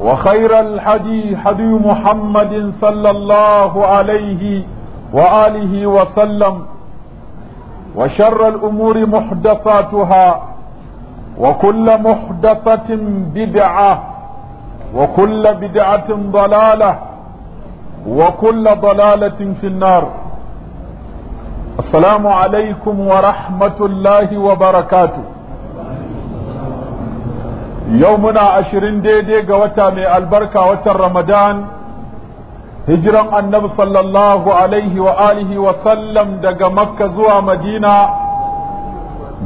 وخير الحدي حدي محمد صلى الله عليه وآله وسلم وشر الأمور محدثاتها وكل محدثة بدعة وكل بدعة ضلالة وكل ضلالة في النار السلام عليكم ورحمة الله وبركاته yau muna ashirin daidai ga wata mai albarka watan ramadan hijiran annabi sallallahu alaihi wa alihi wa sallam daga makka zuwa madina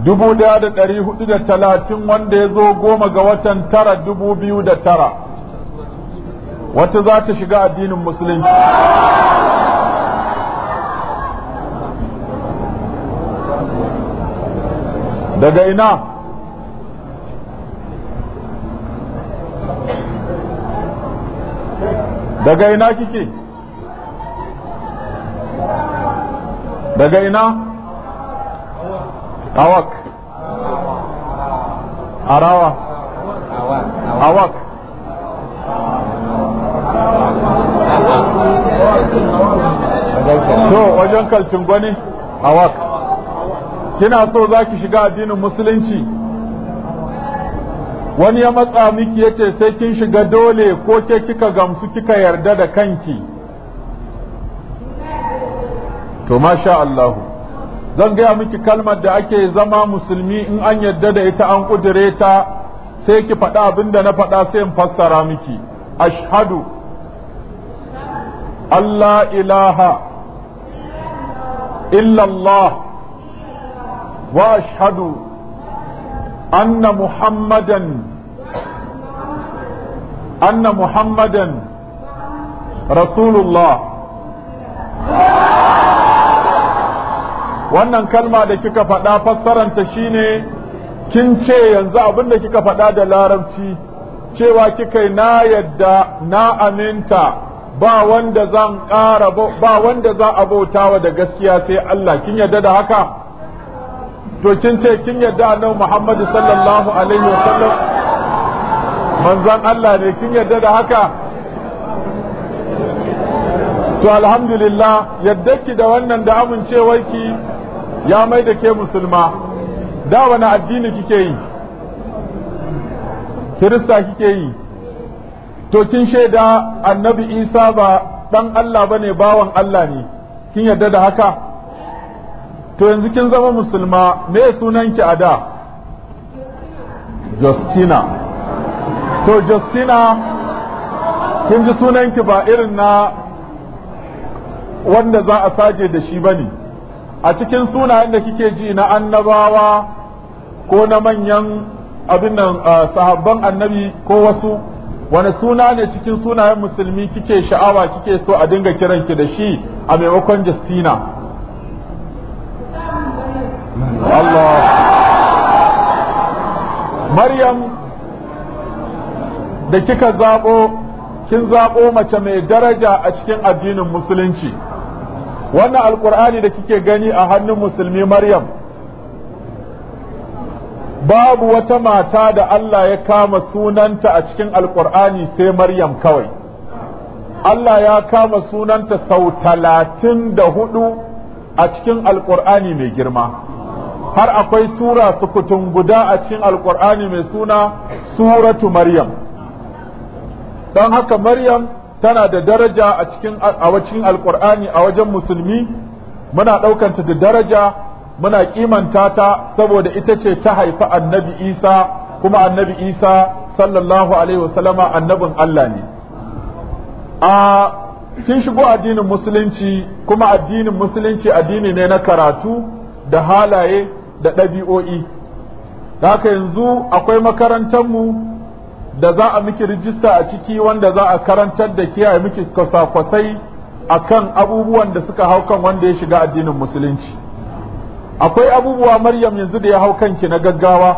dubu daya da ɗari hudu da talatin wanda ya zo goma ga watan tara dubu biyu da tara wata za ta shiga addinin musulunci daga ina daga ina kike daga ina awak arawa awak to wajen kalcin gwani awak kina so za ki shiga addinin musulunci wani ya matsa miki ce sai kin shiga dole ko ke kika gamsu kika yarda da kanki to masha Allah zan gaya miki kalmar da ake zama musulmi in an yarda da ita an kudure ta sai ki faɗa abin da na faɗa sai in fassara miki ashhadu Allah ilaha illallah wa ashhadu أن محمدا أن محمدا رسول الله wannan kalma da kika faɗa fassaranta shine kin ce yanzu abin da kika faɗa da larabci cewa kika yi na yadda na aminta ba wanda zan ƙara ba wanda za a bautawa da gaskiya sai Allah kin yadda da haka to kin ce kin yadda annabi Muhammad sallallahu alaihi wasallam manzon Allah ne kin yadda da haka to alhamdulillah yadda ki da wannan da amincewar ki ya mai da ke musulma da wani addini kike yi kirista kike yi to kin shaida annabi Isa ba dan Allah bane bawan Allah ne kin yadda da haka to yanzu kin zama musulma me sunanki a da justina to justina kin ji sunanki ba irin na wanda za a saje da shi bane a cikin sunayen da kike ji na annabawa ko na manyan abin nan sahabban annabi ko wasu wani suna ne cikin sunayen musulmi kike sha'awa kike so a dinga kiranki da shi a maimakon justina Allah Maryam da kika zaɓo kin zaɓo mace mai daraja a cikin addinin musulunci wannan alkur'ani da kike gani a hannun musulmi Maryam babu wata mata da Allah ya kama sunanta a cikin alkur'ani sai Maryam kawai Allah ya kama sunanta sau talatin da hudu a cikin alkur'ani mai girma har akwai sura sukutun guda a cikin alkur'ani mai suna suratu maryam don haka maryam tana da daraja a cikin a cikin alkur'ani a wajen musulmi muna ɗaukanta da daraja muna kimanta ta saboda ita ce ta haifi annabi isa kuma annabi isa sallallahu alaihi wasallama annabin allah ne a kin shigo addinin musulunci kuma addinin musulunci addini ne na karatu da halaye da ɗabi'o'i da haka yanzu akwai makarantarmu da za a miki rijista a ciki wanda za a karantar da kiyaye miki kwasa-kwasai a kan abubuwan da suka haukan wanda ya shiga addinin musulunci akwai abubuwa maryam yanzu da ya hau kanki na gaggawa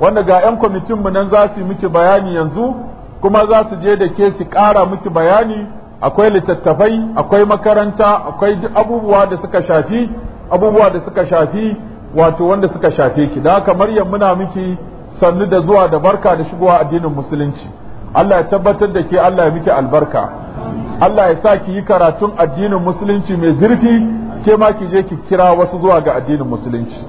wanda ga 'yan kwamitinmu nan za su miki bayani yanzu kuma za su je da ke su ƙara miki bayani akwai littattafai akwai makaranta akwai abubuwa da suka shafi abubuwa da suka shafi wato wanda suka shafe ki da haka maryam muna miki sannu da zuwa da barka da shigowa addinin musulunci Allah ya tabbatar da ke Allah ya miki albarka Allah ya sa ki yi karatun addinin musulunci mai zurfi ke ma ki je ki kira wasu zuwa ga addinin musulunci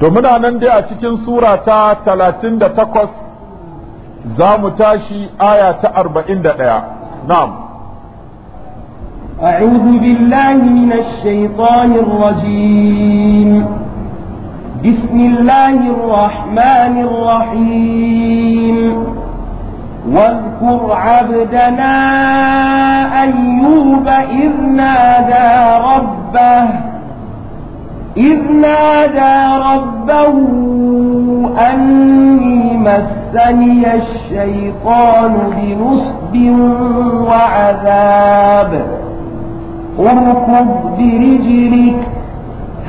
to muna nan dai a cikin sura ta 38 za mu tashi aya ta arba'in da 41 na'am أعوذ بالله من الشيطان الرجيم بسم الله الرحمن الرحيم واذكر عبدنا أيوب إذ نادى ربه إذ نادى ربه أني مسني الشيطان بنصب وعذاب اركض برجلك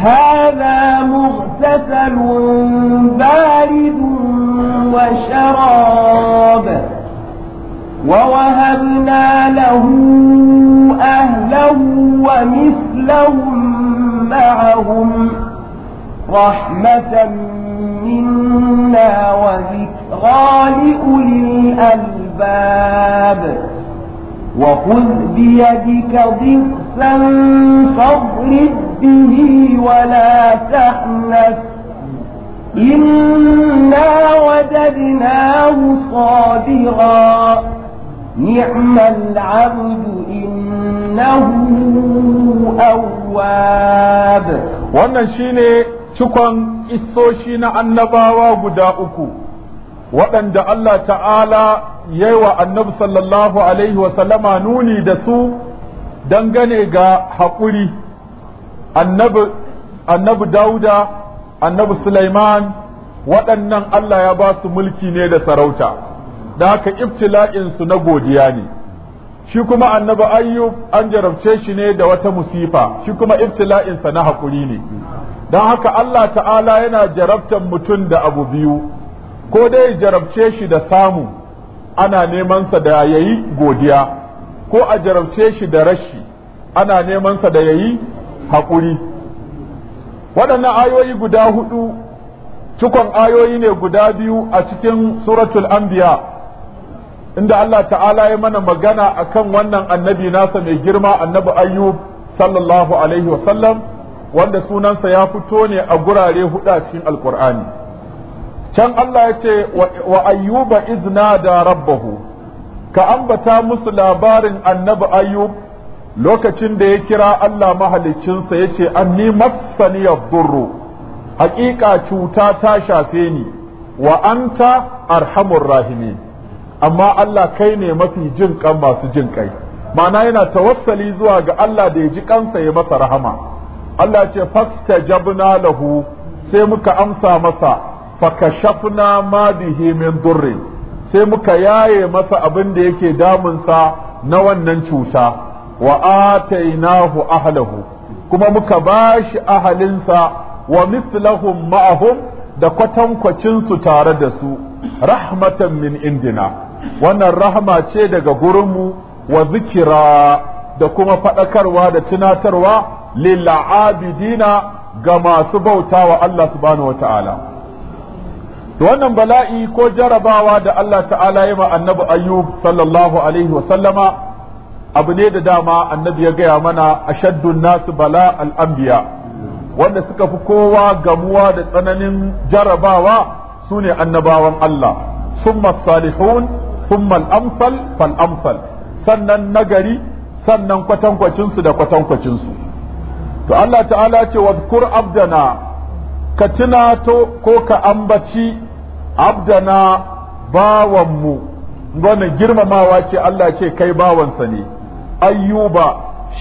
هذا مغتسل بارد وشراب ووهبنا له أهله ومثلهم معهم رحمة منا وذكرى لأولي الألباب وخذ بيدك ضغطا بأسا فاضرب به ولا تحنث إنا وجدناه صابرا نعم العبد إنه أواب wannan shine cikon isoshi na annabawa guda uku waɗanda Allah ta'ala yi wa annabi sallallahu alaihi wa sallama nuni da su dangane ga Hakuri, annabi dauda annabi sulaiman waɗannan Allah ya ba su mulki ne da sarauta da haka ibtila'insu na godiya ne shi kuma annabi ayyub an jarabce shi ne da wata musifa shi kuma ibtila'insa na Hakuri ne don haka Allah ta'ala yana jarabtar mutum da abu biyu ko dai jarabce shi da samu ana nemansa da yayi godiya ko a jarabce shi da rashi ana neman sa da yayi haƙuri waɗannan ayoyi guda hudu cikon ayoyi ne guda biyu a cikin suratul anbiya inda Allah ta'ala ya mana magana akan wannan annabi nasa mai girma annabi ayyub sallallahu alaihi wasallam wanda sunansa ya fito ne a gurare hudu a cikin alkur'ani can Allah ya ce wa ayyuba izna da rabbahu ka ambata musu labarin annabi ayyub lokacin da ya kira Allah mahaliccinsa ya ce anni massani yadurru haƙiƙa cuta ta shafe ni wa anta arhamur rahimin amma Allah kai ne mafi jin kan masu jin kai ma'ana yana tawassali zuwa ga Allah da ya ji kansa ya masa rahama Allah ce jabna lahu sai muka amsa masa fakashafna ma bihi min durrin sai muka yaye masa abin da yake damunsa na wannan cuta wa atainahu ahlahu kuma muka bashi ahalinsa wa mislahum ma'ahum da kwatankwacin su tare da su rahmatan min indina wannan rahma ce daga gurinmu wa zikira da kuma faɗakarwa da tunatarwa lil'abidina ga masu bautawa Allah subhanahu wa to wannan bala'i ko jarabawa da Allah ta'ala ya ma annabi ayyub sallallahu alaihi wa sallama abu ne da dama annabi ya gaya mana ashaddun nasu bala al'ambiya. wanda suka fi kowa gamuwa da tsananin jarabawa su ne annabawan Allah summa salihun summa al-amsal fal amsal sannan nagari sannan kwatankwacinsu da kwatankwacinsu to Allah ta'ala ce wa abdana ka tunato ko ka ambaci abdana bawanmu wannan girmamawa ce Allah ce kai bawansa ne ayyuba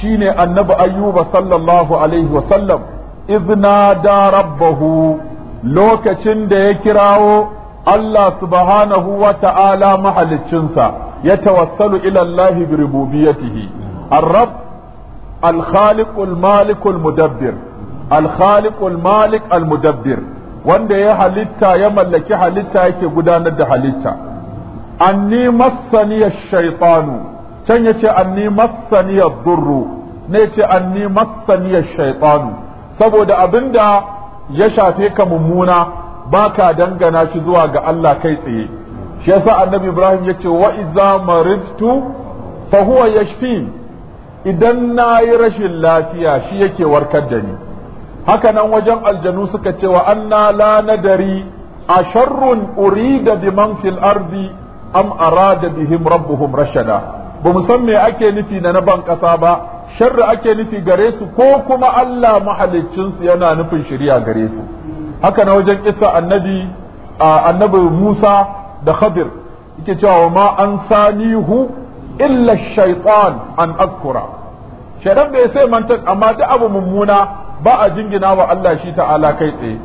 shine annabi ayyuba sallallahu alaihi wasallam izna da rabbahu lokacin da ya kirawo Allah subhanahu wa ta'ala mahaliccinsa ya tawassalu ila Allah bi rububiyatihi ar-rabb al-khaliq al-malik al-mudabbir الخالق malik almudabbir wanda ya halitta ya mallaki halitta yake gudanar da halitta anni massani shaytanu can yace anni massani durru ne yace anni massani shaytanu saboda abinda ya shafe ka mummuna baka dangana shi zuwa ga Allah kai tsaye shi yasa annabi Ibrahim yace wa idza maridtu fa huwa yashfi idan na yi rashin lafiya shi yake warkar da ni haka nan wajen aljanu suka ce wa anna la nadari a sharrun urida bi man fil ardi am arada bihim rabbuhum rashada ba mu san me ake nufi na ban kasa ba sharri ake nufi gare su ko kuma Allah mahaliccin su yana nufin shari'a gare su haka nan wajen isa annabi annabi Musa da Khadir yake cewa ma an sanihu illa shaytan an akura shedan bai sai mantan amma duk abu mummuna ba a jingina wa Allah shi ta'ala kai tsaye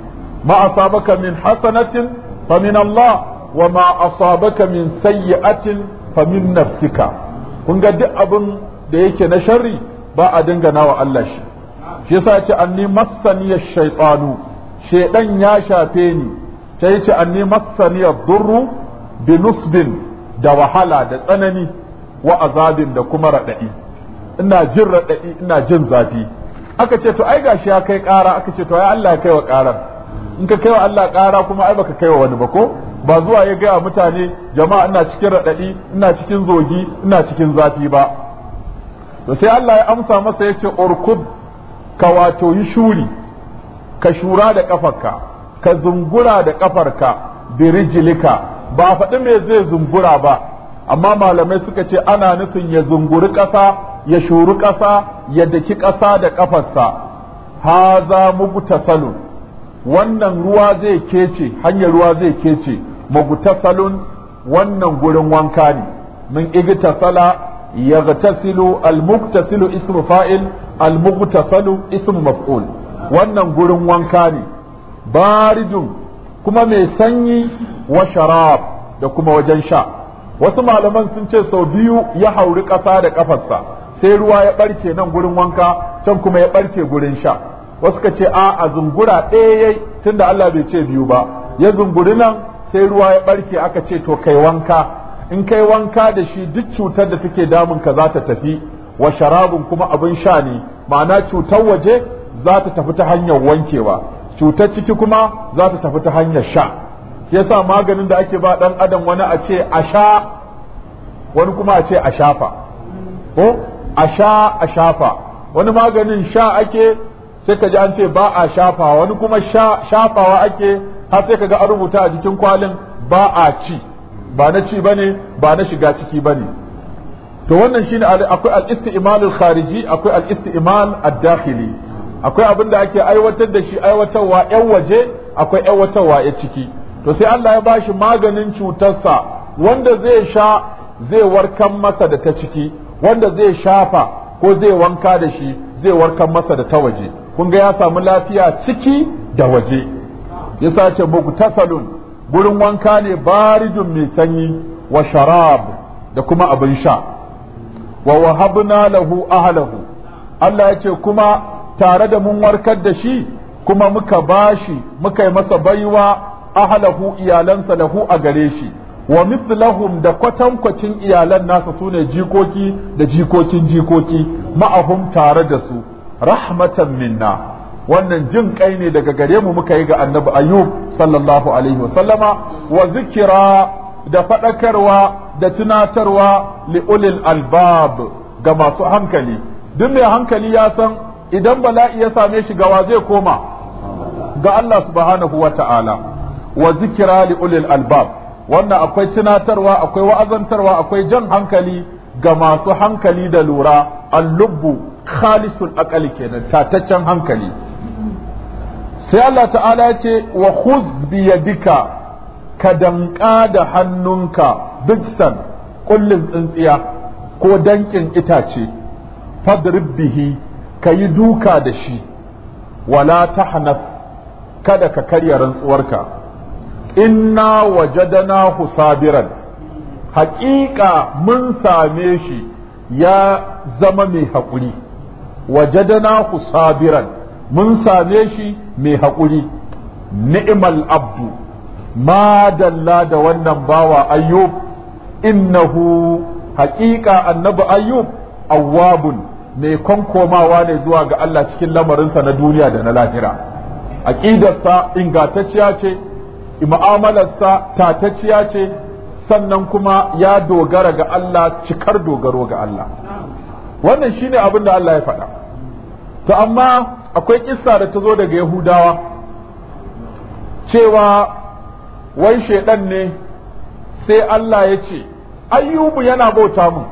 ma asabaka min hasanatin fa min Allah wa ma asabaka min sayyi'atin fa min nafsika kun ga duk abin da yake na sharri ba a dingana wa Allah shi shi yasa ya ce anni massaniya shaytanu shaydan ya shafe ni sai ce anni Burru, durru bi nusbin da wahala da tsanani wa azabin da kuma raɗaɗi ina jin raɗaɗi ina jin zafi aka ce to ai gashi ya kai ƙara aka ce to ai Allah ya kai wa karar in ka kai wa Allah kara kuma ai baka kai wa wani ba ko ba zuwa ya gaya mutane jama'a ina cikin raɗaɗi ina cikin zogi ina cikin zafi ba to sai Allah ya amsa masa ya ce urkub ka wato yi shuri ka shura da kafarka ka zungura da kafarka birijilika ba faɗi me zai zungura ba amma malamai suka ce ana nufin ya zunguri ƙasa ya shuru ƙasa ya daki ƙasa da ƙafarsa haza mugtasalun wannan ruwa zai kece hanyar ruwa zai kece mugtasalun wannan gurin wanka ne min igtasala yaghtasilu almuktasilu ismu fa'il almugtasalu ismu maf'ul wannan gurin wanka ne baridun kuma mai sanyi wa sharab da kuma wajen sha wasu malaman sun ce sau biyu ya hauri ƙasa da ƙafarsa sai ruwa ya barke nan gurin wanka can kuma ya barke gurin sha wasu ka ce a a zungura ɗaya yayi tunda Allah bai ce biyu ba ya zunguri nan sai ruwa ya barke aka ce to kai wanka in kai wanka da shi duk cutar da take damun ka za ta tafi wa sharabun kuma abin sha ne ma'ana cutar waje za ta tafi ta hanyar wankewa cutar ciki kuma za ta tafi ta hanyar sha yasa maganin da ake ba dan adam wani a ce a sha wani kuma a ce a shafa a sha a shafa wani maganin sha ake sai ka ji an ce ba a shafa wani kuma sha shafawa ake har sai ka ga an rubuta a jikin kwalin ba a ci ba na ci bane ba na shiga ciki bane to wannan shine akwai al-istimal al-khariji akwai al-istimal ad-dakhili akwai abin da ake aiwatar da shi aiwatarwa yan waje akwai aiwatarwa ya ciki to sai Allah ya bashi maganin cutarsa wanda zai sha zai warkar masa da ta ciki wanda zai shafa ko zai wanka da shi zai warkar masa da ta waje kun ga ya samu lafiya ciki da waje ya sace buku tasalun gurin wanka ne baridun mai sanyi wa sharab da kuma abin sha wa wahabna lahu ahlahu Allah ya ce kuma tare da mun warkar da shi kuma muka bashi muka yi masa baiwa ahlahu iyalansa lahu a gare shi wa mislahum da kwatankwacin iyalan nasa suna jikoki da jikokin jikoki ma'ahum tare da su rahmatan minna wannan jin kai ne daga gare mu muka yi ga annabi ayyub sallallahu alaihi wasallama wa zikira da faɗakarwa da tunatarwa li'ulil albab ga masu hankali duk mai hankali ya san idan bala'i ya same shi gawa zai koma ga Allah subhanahu wa ta'ala wa zikira li'ulil albab wannan akwai tunatarwa akwai wa'azantarwa akwai jan hankali ga masu hankali da lura allubbu khalisul aqali kenan tataccen hankali sai Allah ta'ala ya ce wa khuz bi yadika ka danka da hannunka biksan kullin tsintsiya ko dankin itace fadrib bihi ka yi duka da shi wala tahnaf kada ka karya rantsuwarka inna wajadana husabiran haƙiƙa mun same shi ya zama mai haƙuri wajadana husabiran mun same shi mai haƙuri ni'mal abdu ma dalla da wannan bawa ayyub innahu haƙiƙa annabi ayyub awwabun mai kankomawa ne zuwa ga Allah cikin lamarinsa na duniya da na lahira aqidarsa ingantacciya ce mu'amalarsa tatacciya ce sannan kuma ya dogara ga Allah cikar dogaro ga Allah wannan shine abin da Allah ya faɗa to amma akwai kissa da ta zo daga Yahudawa cewa wai shaidan ne sai Allah ya ce ayyubu yana bauta mun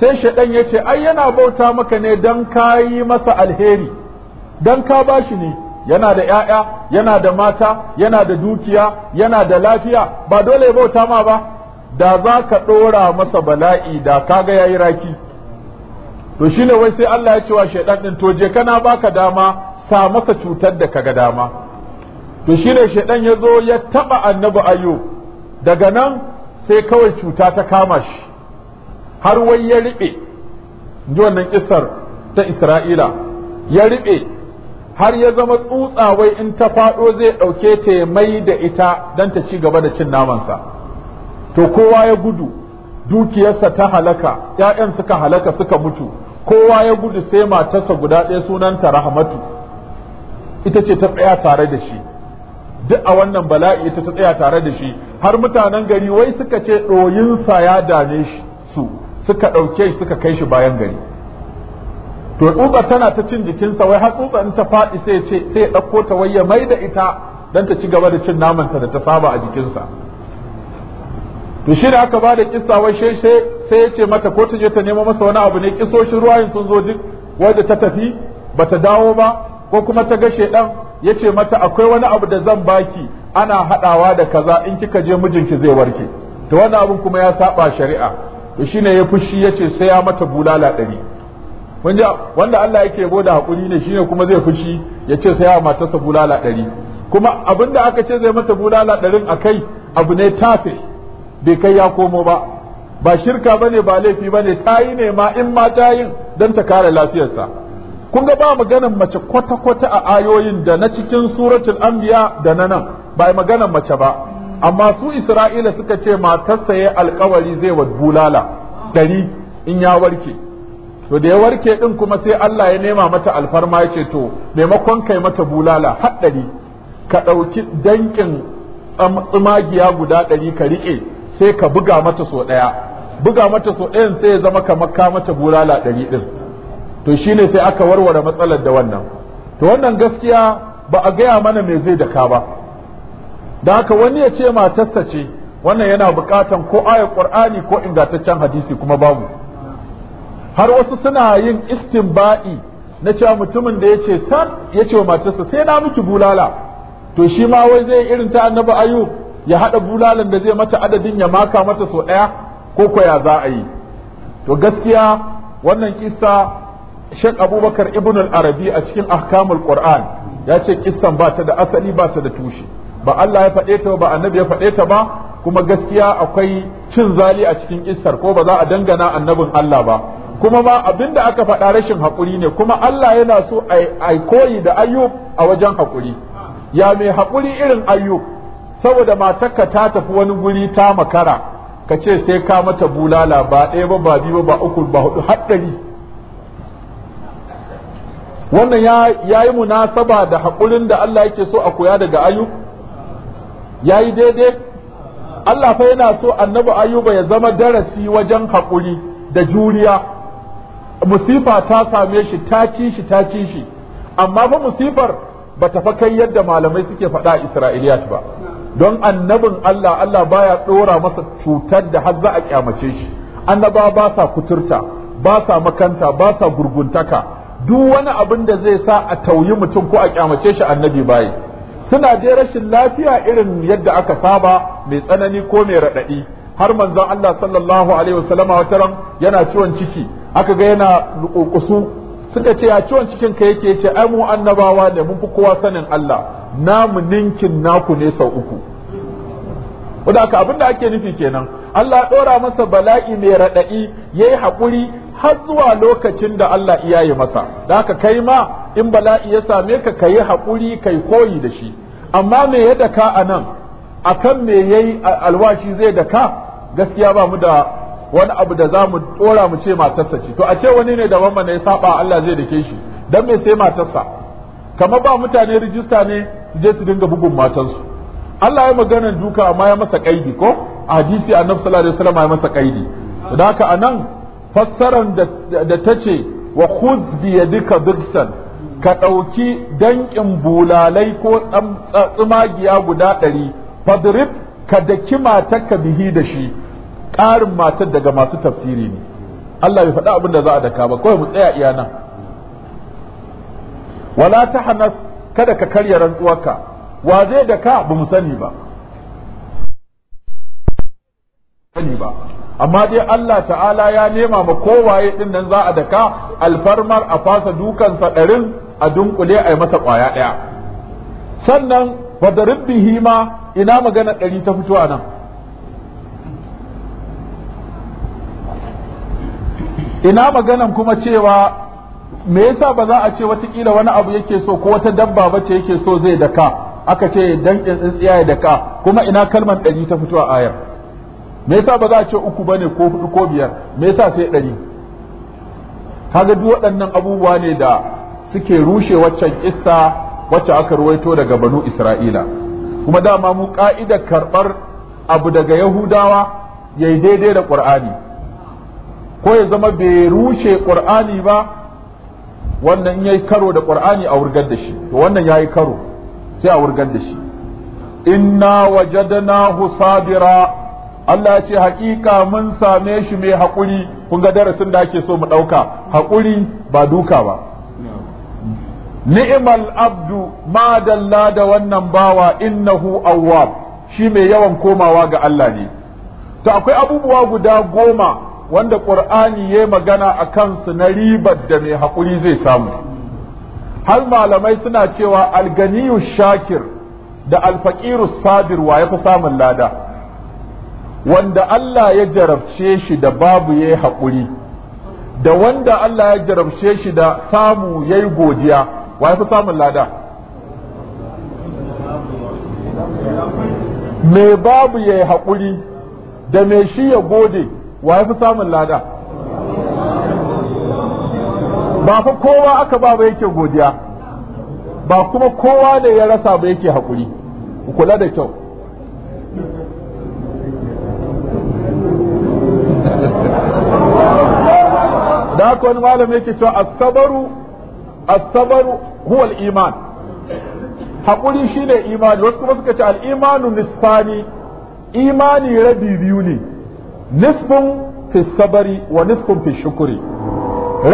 sai shaidan ya ce ai yana bauta maka ne dan ka yi masa alheri don ka bashi ne yana da ‘ya'ya, yana da mata, yana da dukiya, yana da lafiya, ba dole ya bauta ma ba, da za ka ɗora masa bala'i da kaga ya yi raki. To shi ne wai sai Allah ya cewa shaiɗan ɗin to je kana baka dama sa masa cutar da kaga dama. To shi ne shaiɗan ya zo ya taɓa annabi ayo, daga nan sai kawai cuta ta kama shi, har wai ya riɓe, ji wannan ƙisar ta Isra'ila, ya riɓe har ya zama tsutsa wai in ta faɗo zai ɗauke ta ya mai da ita don ta ci gaba da cin namansa to kowa ya gudu dukiyarsa ta halaka ‘ya'yan suka halaka suka mutu kowa ya gudu sai matarsa guda ɗaya sunanta rahmatu ita ce ta tsaya tare da shi duk a wannan bala'i ita ta tsaya tare da shi har mutanen gari wai suka ce ɗoyinsa ya dame shi su suka ɗauke shi suka kai shi bayan gari to tsuba tana ta cin jikinsa wai har tsuba in ta faɗi sai ce sai ɗauko ta wai ya mai da ita dan ta ci gaba da cin namanta da ta saba a jikinsa to shi da aka bada kissa wai sai sai ya ce mata ko ta je ta nemo masa wani abu ne kisoshin ruwayin sun zo duk wanda ta tafi ba ta dawo ba ko kuma ta ga shedan yace mata akwai wani abu da zan baki ana haɗawa da kaza in kika je mijinki zai warke to wannan abun kuma ya saba shari'a to shine ya fushi yace ce sai ya mata bulala ɗari kun wanda Allah yake yabo da hakuri ne shine kuma zai fushi ya ce sai ya matarsa bulala ɗari kuma abin da aka ce zai mata bulala ɗarin a kai abu ne tafe bai kai ya komo ba ba shirka bane ba laifi bane ta yi ne ma in ma ta yin don ta kare lafiyarsa kun ga ba maganan mace kwata-kwata a ayoyin da na cikin suratul anbiya da na nan ba maganan mace ba amma su isra'ila suka ce matarsa ya alkawari zai wa bulala ɗari in ya warke to da ya warke din kuma sai Allah ya nema mata alfarma ce to maimakon kai mata bulala haddari ka ɗauki dankin tsumagiya guda ɗari ka riƙe sai ka buga mata so ɗaya buga mata so ɗayan sai ya zama kamar ka mata bulala ɗari ɗin to shine sai aka warware matsalar da wannan to wannan gaskiya ba a gaya mana me zai da ka ba da haka wani ya ce matarsa ce wannan yana buƙatan ko ayar ƙur'ani ko ingantaccen hadisi kuma babu har wasu suna yin istinba'i na cewa mutumin da ya ce san yace wa matarsa sai na miki bulala to shi ma wai zai irin ta annabi ayu ya hada bulalan da zai mata adadin ya maka mata so daya ko ko ya za a yi to gaskiya wannan kissa shan Abubakar Ibn al-Arabi a cikin Ahkamul Qur'an ya ce kissan ba ta da asali ba ta da tushe ba Allah ya faɗe ta ba annabi ya faɗe ta ba kuma gaskiya akwai cin zali a cikin kissar ko ba za a dangana annabin Allah ba kuma ma abinda aka faɗa rashin haƙuri ne kuma Allah yana so ai koyi da ayyub a wajen haƙuri ya mai haƙuri irin ayyub saboda matarka ta tafi wani guri ta makara ka ce sai ka mata bulala ba ɗaya ba ba biyu ba uku ba hudu haɗari wannan ya yi munasaba da haƙurin da Allah yake so a koya daga ayyub ya yi daidai Allah fa yana so annabi ayyuba ya zama darasi wajen haƙuri da juriya musifa ta same shi ta ci shi ta ci shi amma fa musifar ba ta fa kai yadda malamai suke faɗa a Isra'iliyat ba don annabin Allah Allah baya ɗora masa cutar da har za a kyamace shi annaba ba sa kuturta ba sa makanta ba sa gurguntaka duk wani abin da zai sa a tauyi mutum ko a kyamace shi annabi bayi suna dai rashin lafiya irin yadda aka saba mai tsanani ko mai raɗaɗi har manzon Allah sallallahu alaihi wasallama wataran yana ciwon ciki aka ga yana lukukusu suka ce a ciwon cikin ka yake ce ai mu annabawa ne mun fi kowa sanin Allah namu ninkin naku ne sau uku wanda aka abin da ake nufi kenan Allah ɗora masa bala'i mai raɗaɗi yayi haƙuri har zuwa lokacin da Allah iya yi masa da haka kai ma in bala'i ya same ka kayi haƙuri kai koyi da shi amma me ya daka a nan akan me yayi alwashi zai daka gaskiya ba mu da wani abu da zamu dora mu ce matarsa ce to a ce wani ne daban mana ya saba Allah zai dake shi dan me sai matarsa kamar ba mutane rijista ne su je su dinga bugun matansu Allah ya magana duka amma ya masa kaidi ko a hadisi annabi sallallahu alaihi wasallam ya masa kaidi da haka anan fassaran da ta ce wa khudh bi yadika dirsan ka ɗauki danƙin bulalai ko tsumagiya guda ɗari fadrib ka daki matarka bihi da shi ƙarin matar daga masu tafsiri ne Allah bai faɗa abin da za a daka ba kawai mu tsaya iya nan wala ta hanas kada ka karya rantsuwarka wa zai daka ba mu sani ba ba amma dai Allah ta'ala ya nema ma kowaye din nan za a daka alfarmar a fasa dukansa ɗarin a dunkule a yi masa kwaya ɗaya sannan fadarin bihi ma ina magana ɗari ta fito a nan ina maganan kuma cewa me yasa ba za a ce watakila wani abu yake so ko wata dabba bace yake so zai daka aka ce dan tsintsiya ya daka kuma ina kalmar ɗari ta fito a ayar me yasa ba za a ce uku bane ko hudu ko biyar me yasa sai ɗari kaga duk waɗannan abubuwa ne da suke rushe waccan kissa wacce aka ruwaito daga banu isra'ila kuma dama mu ka'idar karɓar abu daga yahudawa yayi daidai da Ƙur'ani. ko ya zama bai rushe ƙur'ani ba wannan in yayi karo da ƙur'ani a wurgar da shi to wannan yayi karo sai a wurgar da shi inna wajadnahu sabira Allah ce hakika mun same shi mai haƙuri kun ga darasin da ake so mu ɗauka haƙuri ba duka ba ni'mal abdu ma dalla da wannan bawa innahu awwab shi mai yawan komawa ga Allah ne to akwai abubuwa guda goma wanda qur'ani ya magana a kansu na ribar da mai haƙuri zai samu har malamai suna cewa alganiyu shakir da Alfaƙiru sabir wa ya fi samun lada wanda Allah ya jarabce shi da babu ya yi haƙuri da wanda Allah ya jarabce shi da samu ya yi godiya wa ya fi samun lada mai babu ya yi haƙuri da mai shi ya gode wa ya fi samun lada ba fa kowa aka ba ba yake godiya ba kuma kowa da ya rasa ba yake haƙuri kula da kyau da haka wani malam yake cewa asabaru asabaru huwa iman haƙuri shine imani wasu kuma suka ce al'imanu nisfani imani rabi biyu ne nisfun fi sabari wa nisfin fi shukuri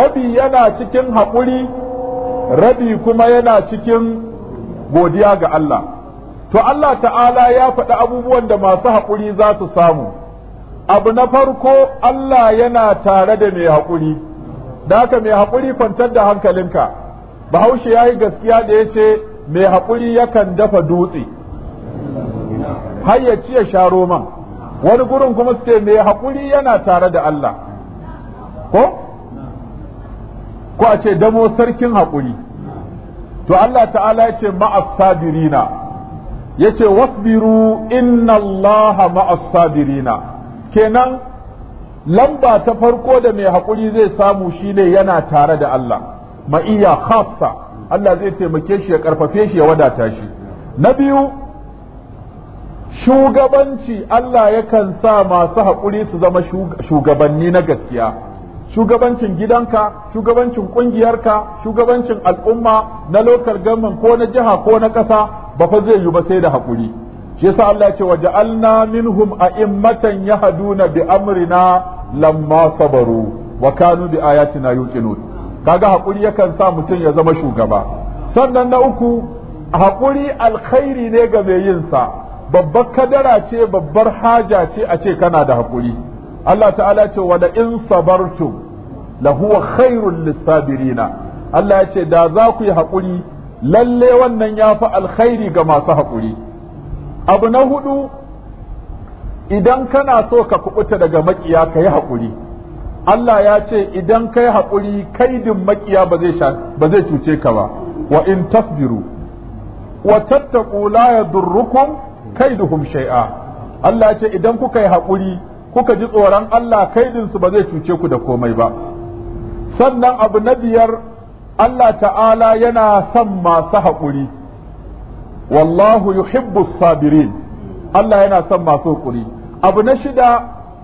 rabi yana cikin haƙuri rabi kuma yana cikin godiya ga Allah to Allah ta'ala ya faɗi abubuwan da masu haƙuri za su samu abu na farko Allah yana tare da mai haƙuri da haka mai haƙuri kwantar da hankalinka bahaushe ya yi gaskiya da ya ce mai haƙuri yakan dafa dutse har ya ci ya sha roman wani gurin kuma su ce mai haƙuri yana tare da Allah ko ko a ce damo sarkin haƙuri to Allah ta'ala ya ce maas ya ce wasbiru inna Allah maas kenan lamba ta farko da mai haƙuri zai samu shine yana tare da Allah ma'iyya khassa Allah zai taimake shi ya karfafe shi ya wadata shi na biyu shugabanci Allah yakan sa masu haƙuri su zama shugabanni na gaskiya shugabancin gidanka shugabancin ƙungiyarka shugabancin al'umma na lokal gamin ko na jiha ko na ƙasa ba fa zai yi ba sai da haƙuri shi yasa Allah ya ce wa ja'alna minhum a'immatan yahduna bi amrina lamma sabaru wa kanu bi ayatina yuqinun kaga haƙuri yakan sa mutum ya zama shugaba sannan na uku haƙuri alkhairi ne ga mai yin sa babbar kadara ce babbar haja ce a ce kana da haƙuri Allah ta'ala ce wa da in sabartu la huwa khairul lisabirina Allah ya ce da za ku yi haƙuri lalle wannan ya fi alkhairi ga masu haƙuri abu na hudu idan kana so ka kubuta daga makiya ka yi haƙuri Allah ya ce idan ka yi haƙuri kaidin makiya ba zai cuce ka ba wa in tasbiru wa tattaqu la yadurrukum kaiduhum shay'a Allah ce idan kuka yi haƙuri kuka ji tsoron Allah kaidinsu ba zai cuce ku da komai ba sannan abu na biyar Allah ta'ala yana son masu haƙuri wallahu yuhibbu sabirin Allah yana son masu haƙuri abu na shida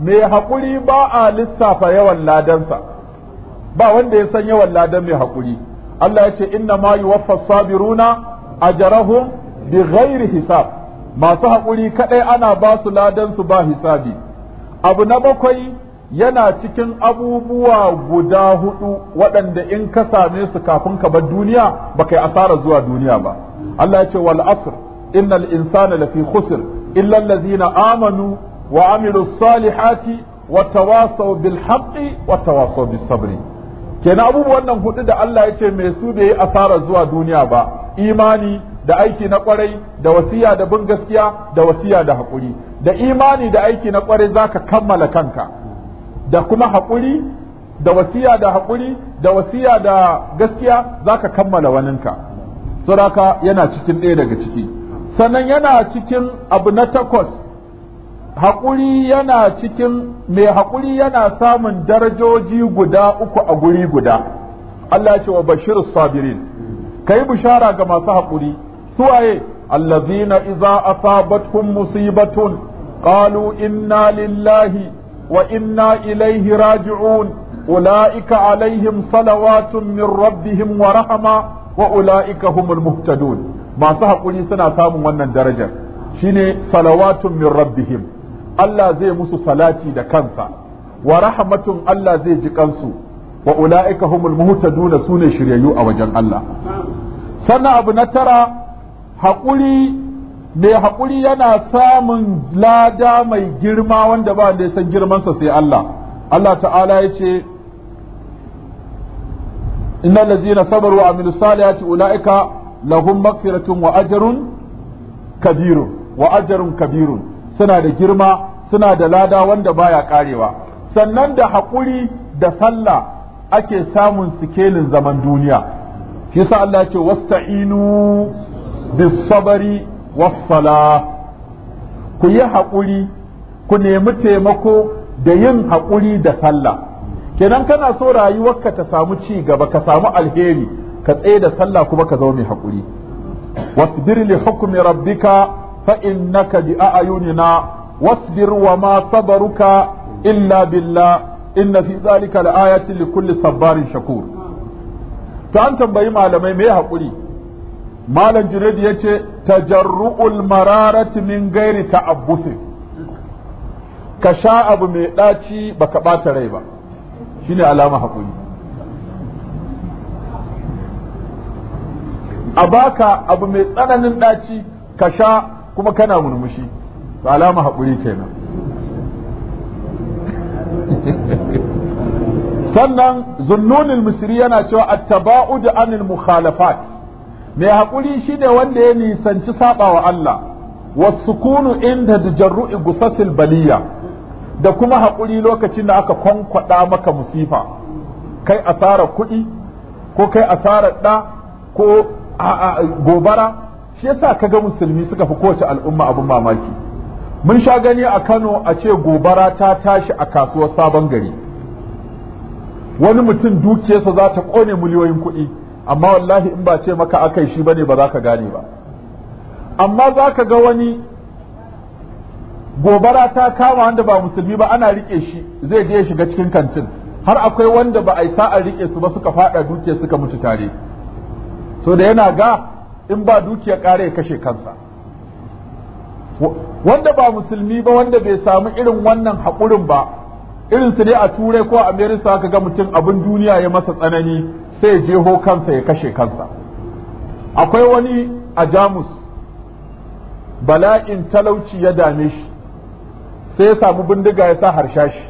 mai haƙuri ba a lissafa yawan ladansa ba wanda ya san yawan ladan mai haƙuri Allah ya ce inna ma yuwaffa sabiruna ajrahum bi hisab masu haƙuri kaɗai ana ba su ladan su ba hisabi abu na bakwai yana cikin abubuwa guda hudu waɗanda in ka same su kafin ka bar duniya ba kai asara zuwa duniya ba Allah ya ce wal asr innal insana lafi khusr illa allazina amanu wa amilu salihati wa tawasaw bil haqqi wa tawasaw bis sabri kenan abubuwan nan hudu da Allah ya ce mai su bai yi asara zuwa duniya ba imani da aiki na kwarai da wasiya da bin gaskiya da wasiya da haƙuri da imani da aiki na kwarai zaka kammala kanka da kuma hakuri da wasiya da hakuri da wasiya da gaskiya zaka kammala waninka suraka yana cikin ɗaya daga ciki sannan yana cikin abu na takwas haƙuri yana cikin mai haƙuri yana samun darajoji guda uku a guri guda Allah ce wa bashir sabirin kai bishara ga masu haƙuri suwaye allazina iza asabatuhum musibatun qalu inna lillahi wa inna ilaihi raji'un ulaika alaihim salawatun min rabbihim wa rahama wa ulaika humul muhtadun masu haƙuri suna samun wannan darajar shine salawatun min rabbihim Allah zai musu salati da kansa wa rahmatun Allah zai ji kansu wa ula'ika humul muhtaduna sune shiryayyu a wajen Allah sannan abu na tara haƙuri mai haƙuri yana samun lada mai girma wanda ba da ya san girmansa sai Allah Allah ta'ala ya ce inna lazina sabaru wa amilu salihati ula'ika lahum maghfiratun wa ajrun kabirun wa ajrun kabirun suna da girma suna da lada wanda baya karewa sannan da haƙuri da sallah ake samun sikelin zaman duniya shi sa Allah ya ce wasta'inu bis sabari was sala ku yi haƙuri ku nemi taimako da yin haƙuri da sallah kenan kana so ka ta samu ci gaba ka samu alheri ka tsaye da sallah kuma ka zo mai haƙuri wasbir li hukmi rabbika fa innaka bi a'yunina wasbir wa ma sabaruka illa billah inna fi zalika laayatin likulli sabarin shakur to an tambayi malamai me hakuri malam junaid yace tajarru'ul mararati min ghairi ta'abbusin ka sha abu mai ɗaci baka ɓata rai ba shine alama haƙuri a baka abu mai tsananin ɗaci ka sha kuma kana murmushi to alama haƙuri kenan sannan zunnunin misri yana cewa da anil mukhalafat mai haƙuri shine wanda ya nisanci saba wa Allah wasukunu inda tajarru'i gusasil baliya da kuma haƙuri lokacin da aka kwankwaɗa maka musifa kai asarar kuɗi ko kai asarar ɗa ko gobara shi yasa kaga musulmi suka fi kowace al'umma abin mamaki mun sha gani a Kano a ce gobara ta tashi a kasuwar sabon gari wani mutum dukiyarsa za ta kone miliyoyin kuɗi amma wallahi in ba ce maka akai shi bane ba za ka gane ba amma za ka ga wani gobara ta kama wanda ba musulmi ba ana rike shi zai je shiga cikin kantin har akwai wanda ba a yi sa'a rike su ba suka faɗa duke suka mutu tare so da yana ga in ba dukiya ƙara ya kashe kansa wanda ba musulmi ba wanda bai samu irin wannan haƙurin ba irin su ne a turai ko a amerika ka ga mutum abin duniya ya masa tsanani sai ya jeho kansa ya kashe kansa akwai wani a jamus bala'in talauci ya dame shi sai ya samu bindiga ya sa harshashi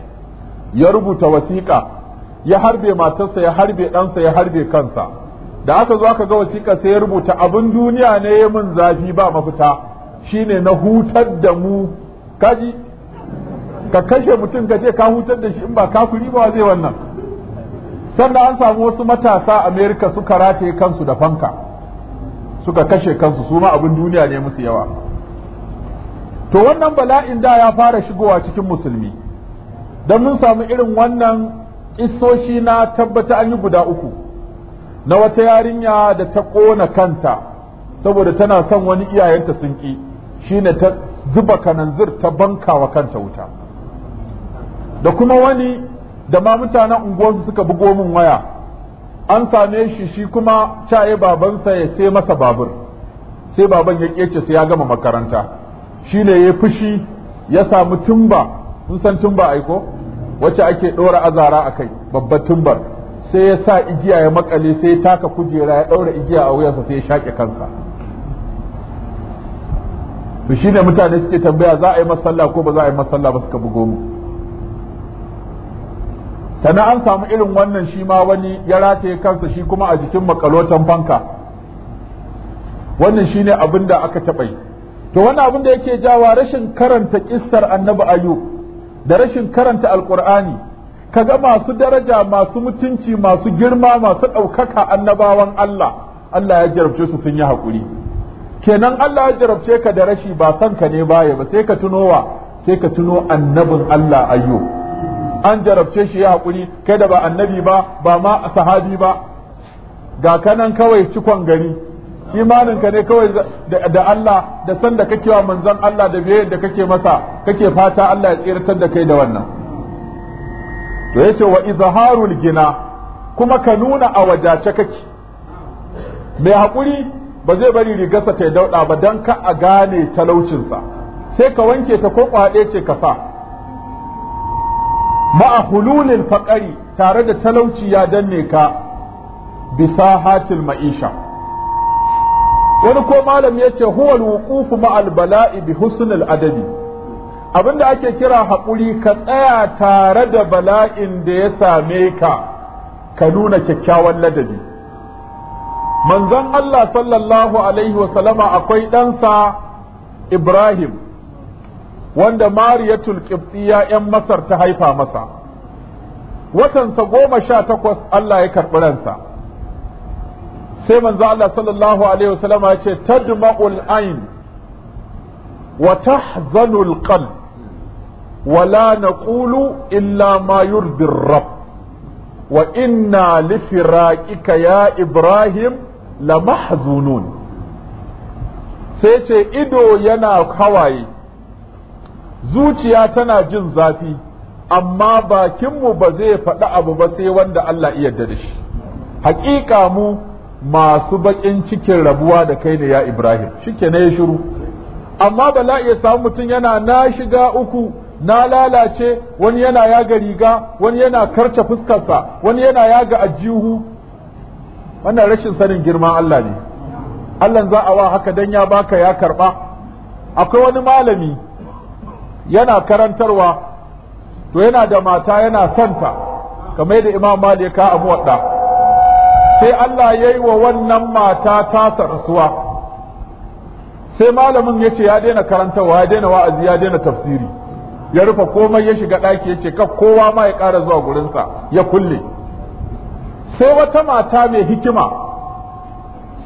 ya rubuta wasiƙa ya harbe matarsa ya harbe ɗansa ya harbe kansa da aka zo aka ga wasiƙa sai ya rubuta abin duniya ne ya mun zafi ba mafita shine na hutar da mu kaji ka kashe mutum ka ce ka hutar da shi in ba kuri ba zai wannan sannan an samu wasu matasa amerika suka rataye kansu da fanka suka kashe kansu su ma abin duniya ne musu yawa to wannan bala'in da ya fara shigowa cikin musulmi don mun samu irin wannan isoshi na tabbata an yi guda uku na wata yarinya da ta ƙona kanta saboda tana son wani iyayenta sun ƙi shine ta zuba kananzir ta banka wa kanta wuta da kuma wani da ma mutanen unguwarsu suka bugo min waya an same shi shi kuma caye babansa ya sai masa babur sai baban ya kece sai ya gama makaranta shine ya fushi ya samu tumba sun san tumba aiko wacce ake ɗora azara a kai babbar tumbar sai ya sa igiya ya makale sai ya taka kujera ya ɗaura igiya a wuyansa sai ya shaƙe kansa to shine mutane suke tambaya za a yi masalla ko ba za a yi masalla ba suka bugo mu sannan an samu irin wannan shi ma wani ya rataye kansa shi kuma a jikin makalotan fanka wannan shine abin da aka taɓa yi to wani abin da yake jawa rashin karanta kissar annabi ayu da rashin karanta alkur'ani Ka ga masu daraja masu mutunci masu girma masu ɗaukaka annabawan Allah Allah ya jarabce su sun yi hakuri. kenan Allah ya jarabce ka da rashi ba san ka ne baya ba sai ka tuno sai ka tuno annabin Allah ayyo an jarabce shi ya haƙuri kai da ba annabi ba ba ma sahabi ba ga kanan kawai cikon gari imanin ka ne kawai da Allah da san da kake wa manzon Allah da biyayya da kake masa kake fata Allah ya tsiratar da kai da wannan to yace wa izharul gina kuma ka nuna a wajace kake mai haƙuri ba zai bari rigarsa ta dauɗa ba don ka a gane talaucinsa sai ka wanke ta ko kwaɗe ce ka sa ma'a hululin faƙari tare da talauci ya danne ka bisa hatil ma'isha wani ko malam yace ce huwal wuqufu ma'al bala'i bi husnul adabi Abin da ake kira haƙuri ka tsaya tare da bala'in da ya same ka ka nuna kyakkyawan ladabi manzon Allah sallallahu alaihi wasallama akwai ɗansa Ibrahim wanda Mariyatul Qibtiyya ‘yan Masar ta haifa masa watansa goma sha takwas Allah ya karɓi ransa sai manzo Allah sallallahu alaihi wasallama ya ce tadma'ul ain wa tahzanul qalb ولا نقول إلا ما يرضي الرب وإنا لفراقك يا إبراهيم لمحزونون سيتي إدو ينا hawaye. zuciya tana jin zafi amma bakinmu ba zai faɗi abu ba sai wanda Allah iya da shi haƙiƙa mu masu baƙin cikin rabuwa da kai ne ya Ibrahim shike ya shiru amma bala ya samu mutum yana na shiga uku na lalace wani yana yaga riga wani yana karce fuskarsa wani yana yaga ajihu wannan rashin sanin girman Allah ne Allah za a wa haka dan ya baka ya karba akwai wani malami yana karantarwa to yana da mata yana santa kamar da Imam malika abu wadda sai Allah yayi wa wannan mata ta rasuwa sai malamin yace ya daina karantarwa ya daina wa'azi ya daina tafsiri ya rufe komai ya shiga ɗaki ya ce ka kowa ma ya ƙara zuwa gurinsa ya kulle sai wata mata mai hikima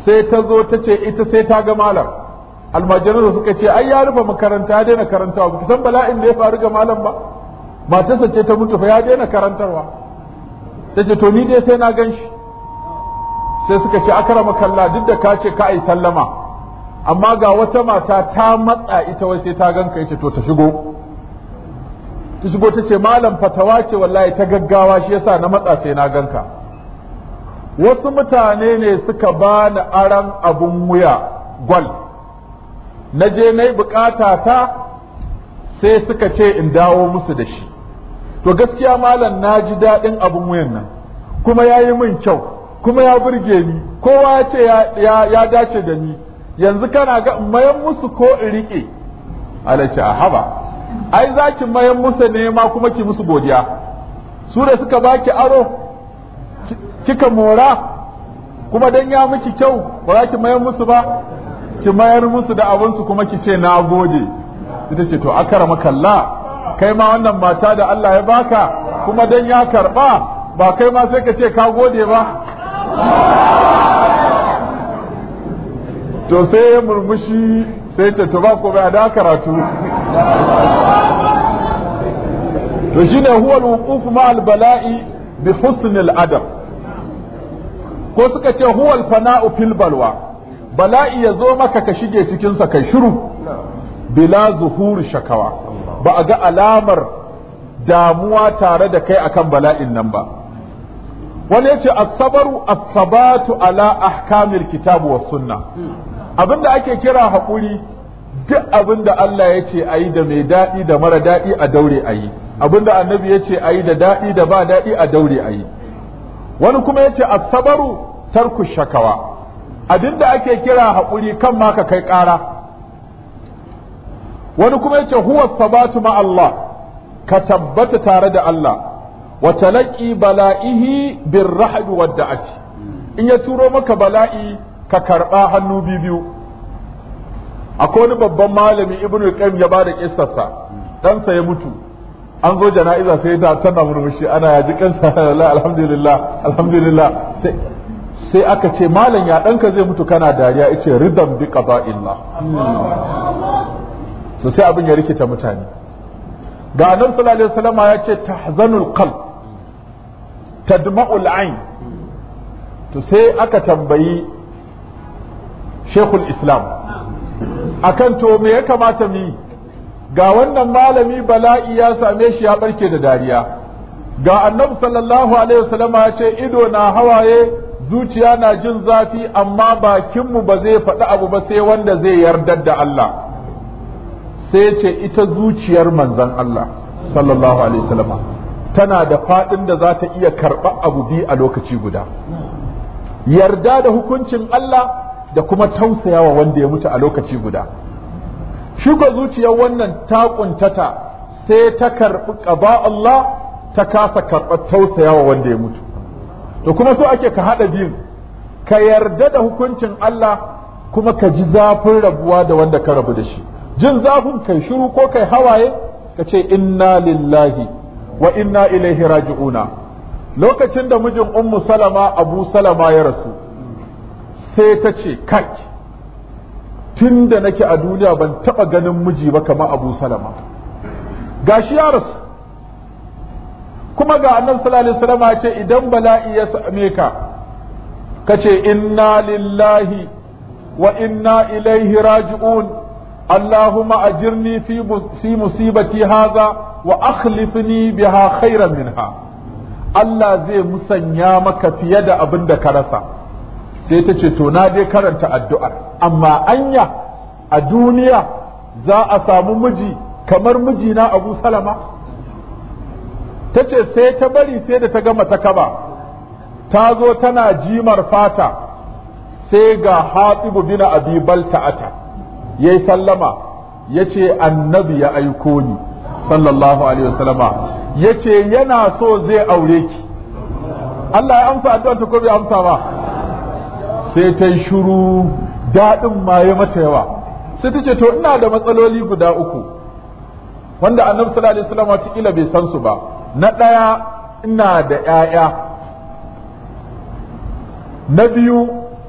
sai ta zo ta ce ita sai ta ga malam almajiran suka ce ai ya rufe makaranta ya daina karantawa ba san bala'in da ya faru ga malam ba matarsa ce ta mutu fa ya daina karantarwa ta ce to ni dai sai na gan shi sai suka ce akrama kalla duk da ka ce ka ai sallama amma ga wata mata ta matsa ita wai sai ta ganka yace to ta shigo ta shigo ta ce malam fatawa ce wallahi ta gaggawa shi yasa na matsa sai na ganka wasu mutane ne suka bani ni aran abun wuya gwal na je na bukata ta sai suka ce in dawo musu da shi to gaskiya malam na ji daɗin abun wuyan nan kuma ya yi min kyau kuma ya burge ni kowa ya ce ya dace da ni yanzu kana ga mayan musu ko in riƙe alace a haba ai za ki mayan musu ne ma kuma ki musu godiya su da suka ba ki aro kika mora kuma dan ya miki kyau ba za ki mayan musu ba ki mayar musu da abinsu kuma ki ce na gode ita ce to akara kalla. kai ma wannan mata da Allah ya baka kuma dan ya karba ba kai ma sai ka ce ka gode ba to sai murmushi sai ta tuba ko bai da karatu to shine huwa al ma balai bi husn adab ko suka ce huwa al-fana'u fil balwa bala'i ya zo maka ka shige cikin sa kai shiru bila zuhur shakawa ba a ga alamar damuwa tare da kai akan bala'in nan ba wani ya ce as-sabaru ala ahkamil kitabu wa sunna. abinda ake kira haƙuri duk abinda Allah ya ce a yi da mai daɗi da mara daɗi a daure a yi abinda annabi ya ce a yi da daɗi da ba daɗi a daure a yi wani kuma ya ce asabaru tarku shakawa abinda ake kira haƙuri kan ma ka kai ƙara wani kuma ya ce huwa sabatu ma Allah ka tabbata tare da Allah wa talaki bala'ihi bin wadda ake. in ya turo maka bala'i ka karɓa hannu biyu akwai wani babban malami ibnu qayyim ya bada kissarsa ɗansa ya mutu an zo jana'iza sai ta tana murmushi ana ya ji kansa alhamdulillah alhamdulillah sai sai aka ce malam ya ɗanka zai mutu kana dariya yace ridan bi qada'illah so sai abin ya rikita mutane ga annabi sallallahu alaihi wasallam ya ce tahzanul qalb tadma'ul ayn to sai aka tambayi shekul islam akan to me ya kamata mu yi ga wannan malami bala'i ya same shi ya barke da dariya ga annabi sallallahu alaihi wasallam ya ce ido na hawaye zuciya na jin zafi amma bakinmu ba zai faɗi abu ba sai wanda zai yarda da Allah sai ce ita zuciyar manzon Allah sallallahu alaihi wasallam tana da faɗin da za ta iya karɓa abu biyu a lokaci guda yarda da hukuncin Allah da kuma tausayawa wanda ya mutu a lokaci guda shi ko zuciyar wannan ta kuntata sai ta karbi ƙaba Allah ta kasa karɓar tausayawa wanda ya mutu to kuma so ake ka haɗa biyu ka yarda da hukuncin Allah kuma ka ji zafin rabuwa da wanda ka rabu da shi jin zafin kai shiru ko kai hawaye ka ce inna lillahi wa inna ilaihi raji'una lokacin da mijin ummu salama abu salama ya rasu sai ta ce kai tun da nake a duniya ban taba ganin miji ba kamar abu salama gashi ya rasu kuma ga annabi salalin salama ya ce idan bala'i ya same ka kace inna lillahi wa inna ilaihi raji'un allahumma ajirni fi fi musibati hadha wa akhlifni biha khairan minha Allah zai musanya maka fiye da abin da ka rasa sai ta ce to na dai karanta addu'a amma anya a duniya za a samu miji kamar mijina abu salama ta ce sai ta bari sai da ta gama ta kaba ta zo tana jimar fata sai ga hatsibu bin abi balta'ata ya sallama yace annabi ya aiko ni sallallahu alaihi wasallama yace yana so zai aure ki Allah ya amsa addu'ar ta ko bai amsa ba sai ta yi shuru daɗin ma ya mata yawa sai ta ce to ina da matsaloli guda uku wanda annabi sallallahu alaihi wasallam wataƙila bai san su ba na ɗaya ina da ƴaƴa na biyu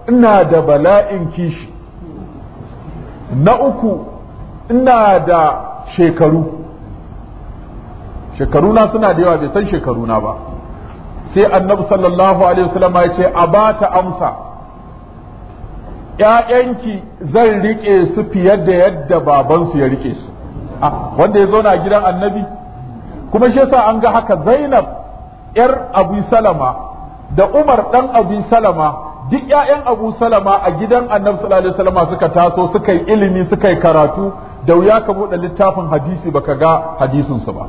ina da bala'in kishi na uku ina da shekaru shekaruna suna da yawa bai san shekaruna ba sai annabi sallallahu alaihi wasallam ya ce a ba ta amsa ‘ya'yanki zan riƙe su fiye da yadda babansu ya riƙe su ah, wanda ya zauna a gidan annabi kuma shi yasa an ga haka zainab ‘yar abu salama da umar ɗan abu salama duk ‘ya'yan abu salama a gidan annabi sallallahu alaihi wasallam suka taso suka yi ilimi suka yi karatu da wuya ka buɗe littafin hadisi baka ga hadisinsu ba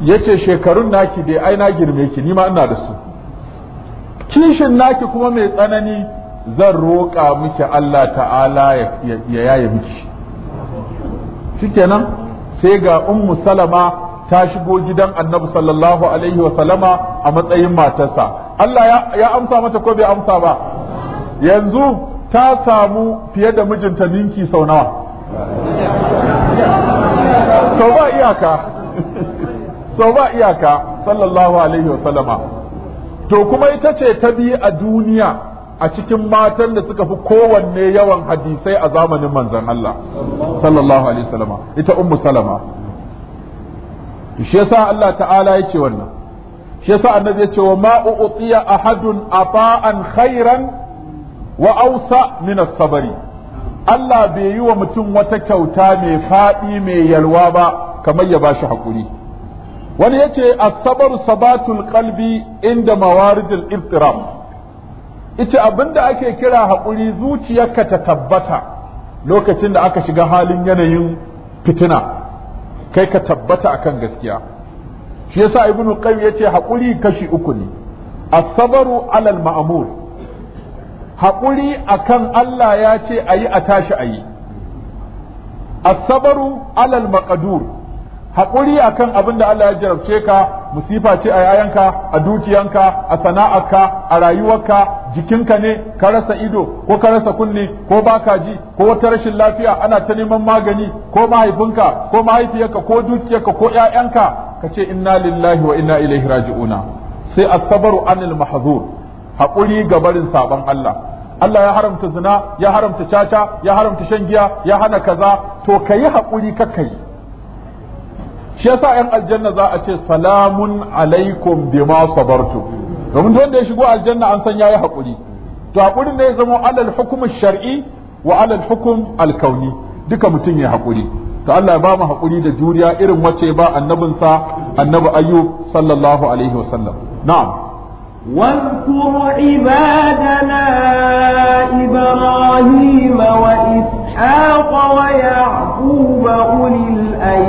yace shekarun naki dai ai na girme ki nima ina da su kishin naki kuma mai tsanani zan roƙa miki Allah ta'ala ya yaye miki shikenan sai ga ummu salama ta shigo gidan annabi sallallahu alaihi wa sallama a matsayin matarsa Allah ya amsa mata ko bai amsa ba yanzu ta samu fiye da mijinta ninki sau nawa sau ba iyaka sau ba iyaka sallallahu alaihi wa sallama to kuma ita ce ta biyu a duniya a cikin matan da suka fi kowanne yawan hadisai a zamanin manzon Allah sallallahu alaihi wasallam ita ummu salama shi yasa Allah ta'ala ya ce wannan shi yasa annabi ya ce wa ma u'tiya ahadun ata'an khairan wa ausa min as-sabri Allah bai yi wa mutum wata kyauta mai faɗi mai yalwa ba kamar ya bashi hakuri wani ya ce asabar sabatul kalbi inda mawaridul iftiram ita abinda ake kira haƙuri zuciyarka ta tabbata lokacin da aka shiga halin yanayin fitina kai ka tabbata akan gaskiya shi yasa ibnu qayyim yace hakuri kashi uku ne asabaru alal ma'mur haƙuri akan Allah ya ce ayi a tashi ayi asabaru alal maqdur haƙuri akan abin da Allah ya jarabce ka musifa ce a yayanka a dukiyanka a sana'arka a rayuwarka jikinka ne ka rasa ido ko ka rasa kunne ko baka ji ko wata rashin lafiya ana ta neman magani ko mahaifinka ko mahaifiyarka ko dukiyarka ko ya'yanka ka ce inna lillahi wa inna ilaihi raji'una sai as-sabru anil mahzur haƙuri ga barin saban Allah Allah ya haramta zina ya haramta caca ya haramta shan giya ya hana kaza to kayi haƙuri ka kai shi yasa yan aljanna za a ce salamun alaikum ma sabartu domin duk wanda ya shigo aljanna an san yayi hakuri to hakurin ne ya zama alal hukum shar'i wa alal hukum alkauni duka mutum ya hakuri to Allah ya ba mu hakuri da juriya irin wace ba annabinsa annabi ayyub sallallahu alaihi wasallam na'am واذكر عبادنا إبراهيم وإسحاق ويعقوب أولي الأيدي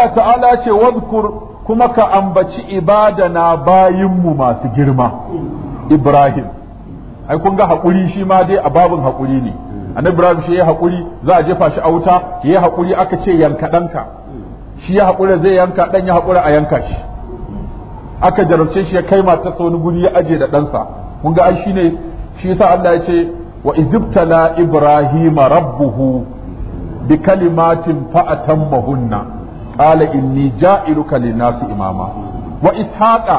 Allah ta'ala ce wadkur kuma ka ambaci ibadana bayinmu masu girma Ibrahim ai kun ga haƙuri shi ma dai a babin haƙuri ne annabi Ibrahim shi ya haƙuri za a jefa shi a wuta ya haƙuri aka ce yanka ɗanka shi ya haƙura zai yanka ɗan ya haƙura a yanka shi aka jarabce shi ya kai matar wani guri ya aje da ɗansa kun ga ai ne shi yasa Allah ya ce wa izibtala ibrahima rabbuhu bi kalimatin fa qala inni ja'iluka linnasi imama wa ishaƙa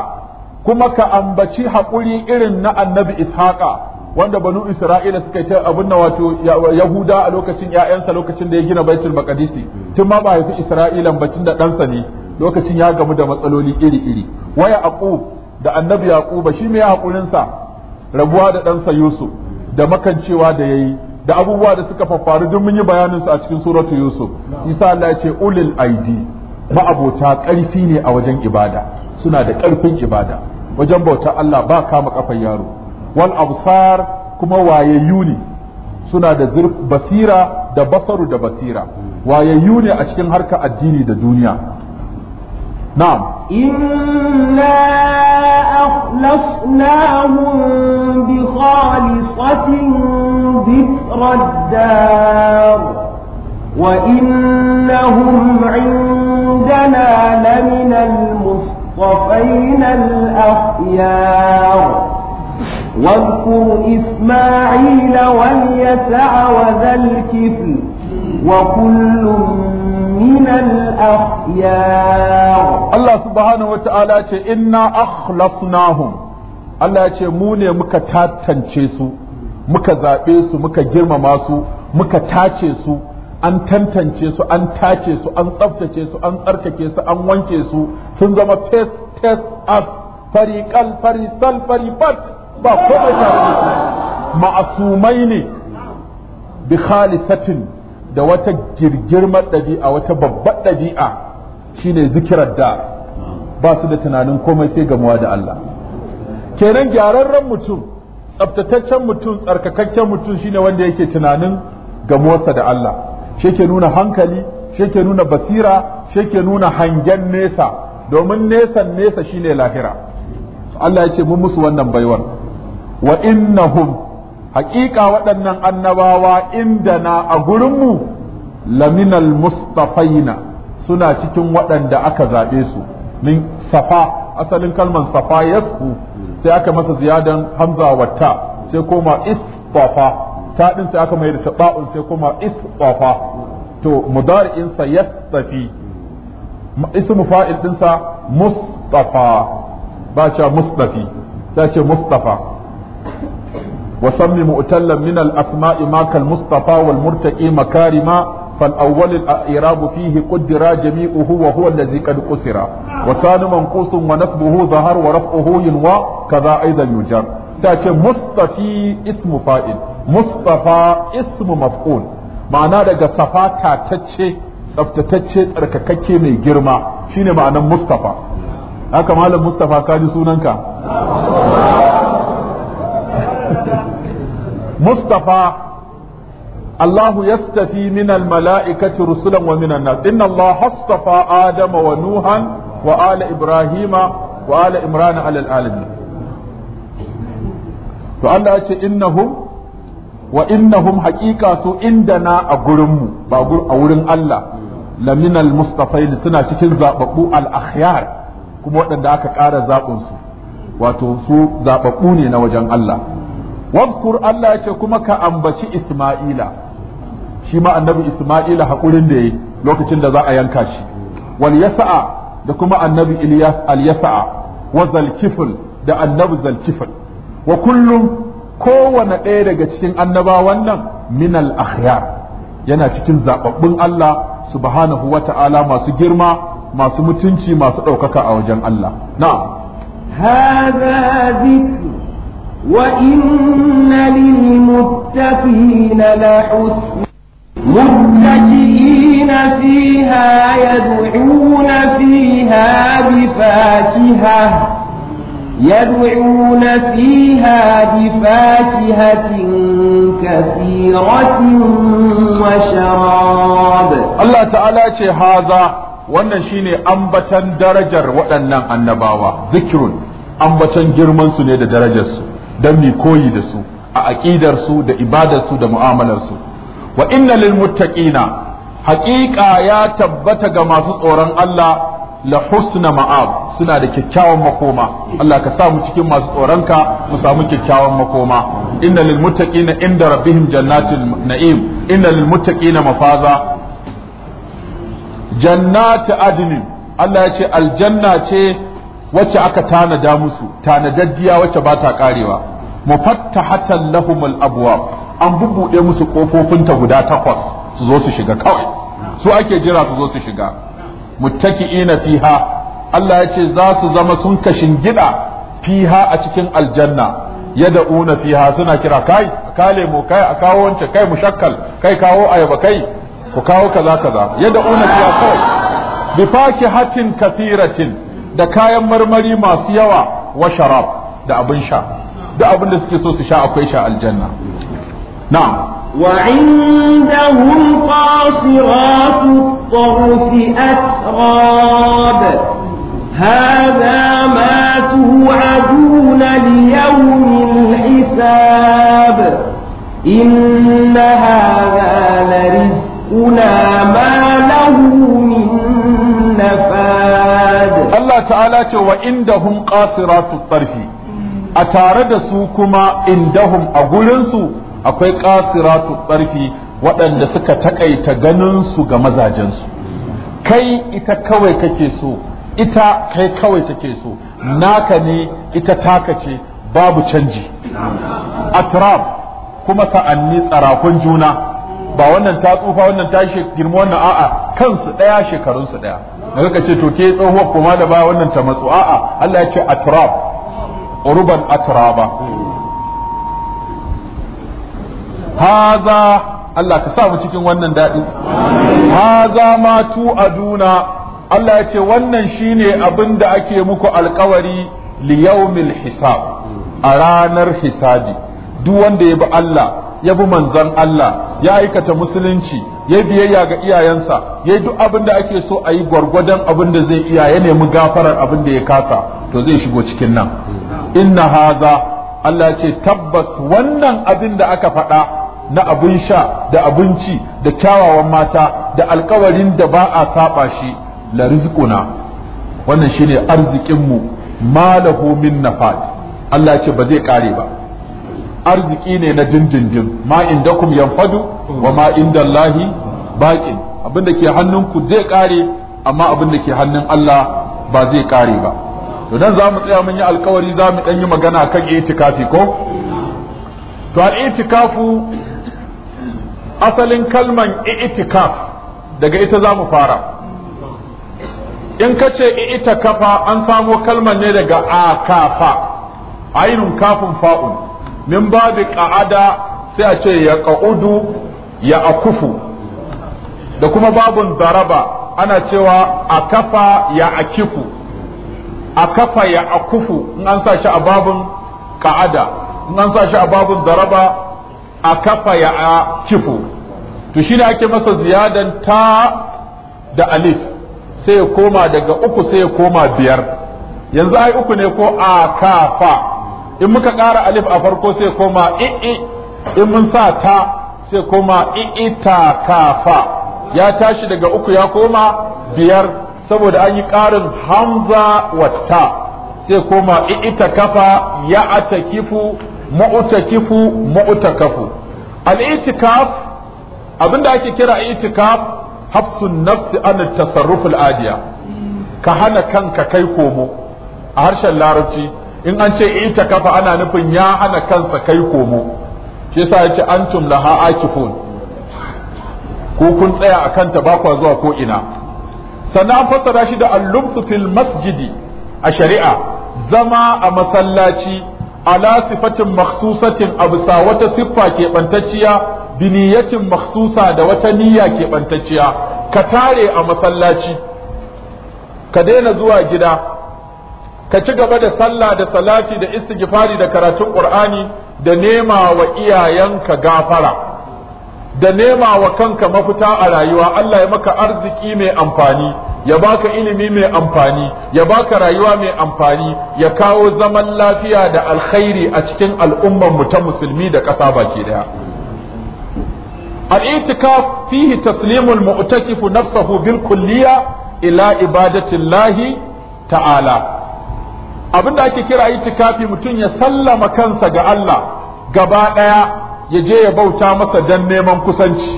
kuma ka ambaci haƙuri irin na annabi ishaqa wanda banu isra'ila suka yi ta abun na wato yahuda a lokacin ƴaƴansa lokacin da ya gina baitul maqdisi tun ma ba haifi isra'ilan bacin da ɗansa ne lokacin ya gamu da matsaloli iri iri waya aqub da annabi yaquba shi me haƙurinsa rabuwa da ɗansa yusuf da makancewa da yayi da abubuwa da suka faffaru duk mun yi bayanin su a cikin suratu yusuf isa Allah ya ce ulil aidi ma'abota ƙarfi ne a wajen ibada suna da ƙarfin ibada wajen bauta Allah ba kama kafan yaro wal absar kuma wayayyu yuni suna da basira da basaru da basira hmm. wayayyu yuni a cikin harka addini da duniya نعم إنا أخلصناهم بخالصة ذكر الدار وإنهم عندنا لمن المصطفين الأخيار واذكر إسماعيل واليسع وذا الكفل وكل من الأخيار الله سبحانه وتعالى إنا أخلصناهم Allah ya ce mu ne muka tatance su muka zaɓe su muka girmama su muka tace su an tantance su an tace su an tsaftace su an tsarkake su an wanke su sun zama face tes as fariqal farisal farifat ba komai tare da ma'asumai ne bi khalisatin da wata girgirmar ɗabi'a wata babbar ɗabi'a shine zikirar da ba su da tunanin komai sai gamuwa da Allah kenan gyararren mutum tsabtataccen mutum tsarkakakken mutum shine wanda yake tunanin gamuwarsa da Allah shi ke nuna hankali shi ke nuna basira shi ke nuna hangen nesa domin nesan nesa shine lahira Allah ya ce mun musu wannan baiwar wa innahum haƙiƙa waɗannan annabawa inda na a gurinmu laminal mustafaina suna cikin waɗanda aka zaɓe su min safa asalin kalman safa yasku sai aka masa ziyadan hamza wata sai koma isfafa ta din sai aka mai da taba'un sai koma isfafa to mudari'in sa yasfi ismu fa'il din sa mustafa ba cha mustafi sai ce mustafa وسم مؤتلا من الأسماء ما كالمصطفى والمرتقي مكارما فالأول الإعراب فيه قدر جميعه وهو الذي قد قسر وثاني منقوص ونسبه ظهر ورفعه ينوى كذا أيضا يجر تاتي مصطفي اسم فائل مصطفى اسم مفعول ma'ana daga safa tatacce tsaftatacce tsarkakakke mai girma shine ma'anan mustafa haka malam mustafa ka ji sunanka mustafa الله يستفي من الملائكة رسلا ومن الناس إن الله اصطفى آدم ونوحا وآل إبراهيم وآل إمران على العالمين فألا إنهم وإنهم حقيقة سو عندنا أقرم أقرم الله لمن المصطفين سنة شكل زابقو الأخيار كم وقت ذاك قال زابقو واتو سو زابقوني نوجان الله wadkur Allah ya ce kuma ka ambaci Isma'ila shi ma annabi Isma'ila haƙurin da yayi lokacin da za a yanka shi wal yasa'a da kuma annabi Ilyas al yasa'a wa zalkifl da annabi zalkifil wa kullum kowane ɗaya daga cikin annabawan nan minal al akhyar yana cikin zababbun Allah subhanahu wata'ala masu girma masu mutunci masu ɗaukaka a wajen Allah na'am هذا ذكر وإن للمتقين لحسن متكئين فيها يدعون فيها بفاكهة يدعون فيها بفاكهة كثيرة وشراب الله تعالى هذا wannan shine ambatan darajar waɗannan annabawa zikirun ambatan girman su ne da darajarsu don mi koyi da su a aƙidarsu, da ibadarsu, da mu'amalarsu wa inna lil muttaqina haƙiƙa ya tabbata ga masu tsoron Allah la husna ma'ab suna da kyakkyawan makoma Allah ka sa mu cikin masu tsoronka mu samu kyakkyawan makoma inna lil muttaqina inda rabbihim jannatul na'im inna lil muttaqina mafaza jannatu adnin Allah ya ce aljanna ce wacce aka tanada musu tanadaddiya wacce ba ta karewa mufattahatan lahumul abwab an bubbude musu kofofinta guda takwas su zo su shiga kawai su ake jira su zo su shiga muttaki'ina fiha Allah ya ce za su zama sun kashin gida fiha a cikin aljanna yada, yad'una fiha suna kira kai kale mu kai a kawo wance kai mushakkal kai kawo ayaba kai ku kawo kaza kaza Yada, yad'una fiha kawai bi fakihatin kathiratin da kayan marmari masu yawa wa sharab da abin sha da abin da suke so su sha akwai sha aljanna na'am wa indahum qasiratu الطرف أتراب هذا ما توعدون ليوم الحساب إن هذا لرزقنا ما له من لفاد الله تعالى da su kuma أتارد سوكما a أقولنسو akwai qasiratu tsarfi waɗanda suka takaita ganin su ga mazajensu kai ita kawai kake so ita kai kawai take so naka ne ita taka ce babu canji atrab kuma sa'anni tsarakun juna ba wannan ta tsufa wannan ta girma wannan a'a kansu ɗaya shekarunsu ɗaya da suka ce to ke tsohuwar kuma da ba wannan ta matsu a'a Allah ya ce atrab urban atraba haza Allah ka sa mu cikin wannan daɗi haza ma tu aduna Allah ya ce wannan shine abin da ake muku alkawari li yawmil hisab a ranar hisabi duk wanda ya bi Allah ya bi manzon Allah ya aikata musulunci ya biyayya ga iyayensa ya duk abin da ake so a yi gwargwadon abin da zai iya ya nemi gafarar abin da ya kasa to zai shigo cikin nan inna haza Allah ce tabbas wannan abin da aka faɗa na abin sha da abinci da kyawawan mata da alkawarin da ba a saba shi la rizquna wannan shine arzikinmu mu lahu min nafat Allah ce ba zai kare ba arziki ne na dindindin ma indakum yanfadu wa ma indallahi baqin abin da ke hannunku zai ƙare amma abin da ke hannun Allah ba zai ƙare ba to dan zamu tsaya mun yi alkawari zamu dan yi magana kan itikafi ko to al itikafu asalin kalman itikaf daga ita zamu fara in ka ce itikafa an samo kalman ne daga akafa ainun kafin fa'un min babu qa'ada sai a ce ya qa'udu ya akufu da kuma babun daraba ana cewa akafa ya akifu akafa ya akufu in an sa shi a babun qa'ada in an sa shi a babun daraba akafa ya akifu to shi ne ake masa ziyadan ta da alif sai ya koma daga uku sai ya koma biyar yanzu ai uku ne ko a akafa in muka ƙara alif a farko sai koma i'i in mun sa ta sai koma i'i ta kafa ya tashi daga uku ya koma biyar saboda an yi ƙarin hamza wa ta sai koma i'i ta kafa ya atakifu mu'takifu mu'takafu al-itikaf abinda ake kira itikaf hafsun nafsi an tasarrufu al-adiya ka hana kanka kai komo a harshen larabci in an ce ita kafa ana nufin ya hana kansa kai komo shi yasa yace antum laha akifun ko kun tsaya a kanta ba kwa zuwa ko ina sannan an fassara shi da al lubtu fil masjidi a shari'a zama a masallaci ala sifatin makhsusatin abusa wata siffa ke keɓantacciya biniyatin makhsusa da wata niyya ke bantacciya ka tare a masallaci ka daina zuwa gida ka ci gaba da sallah da salati da istighfari da karatun qur'ani da nema wa iyayenka gafara da nema wa kanka mafita a rayuwa Allah ya maka arziki mai amfani ya baka ilimi mai amfani ya baka rayuwa mai amfani ya kawo zaman lafiya da alkhairi a cikin al'ummar mu ta musulmi da ƙasa baki daya al-i'tikaf fihi taslimul mu'takifu nafsahu bil kulliya ila ibadatillahi ta'ala abin da ake kira itikafi mutum ya sallama kansa ga Allah gaba ɗaya ya je ya bauta masa dan neman kusanci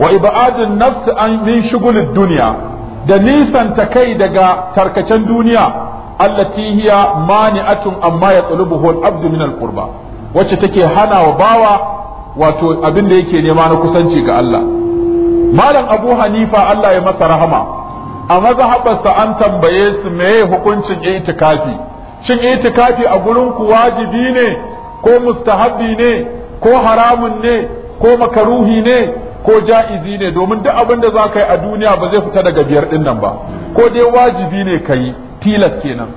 wa ibadun nafsi an min shugulin duniya da nisanta kai daga tarkacen duniya allati hiya mani'atun amma ya tsulubuhu al-abdu min alqurba wacce take hana wa bawa wato abin da yake nema na kusanci ga Allah malam Abu Hanifa Allah ya masa rahama a mazhabarsa an tambaye su meye hukuncin itikafi shin itikafi a gurin ku wajibi ne ko mustahabbi ne ko haramun ne ko makaruhi ne ko ja'izi ne domin duk abin da za ka yi a duniya ba zai fita daga biyar din nan ba ko dai wajibi ne ka yi tilas kenan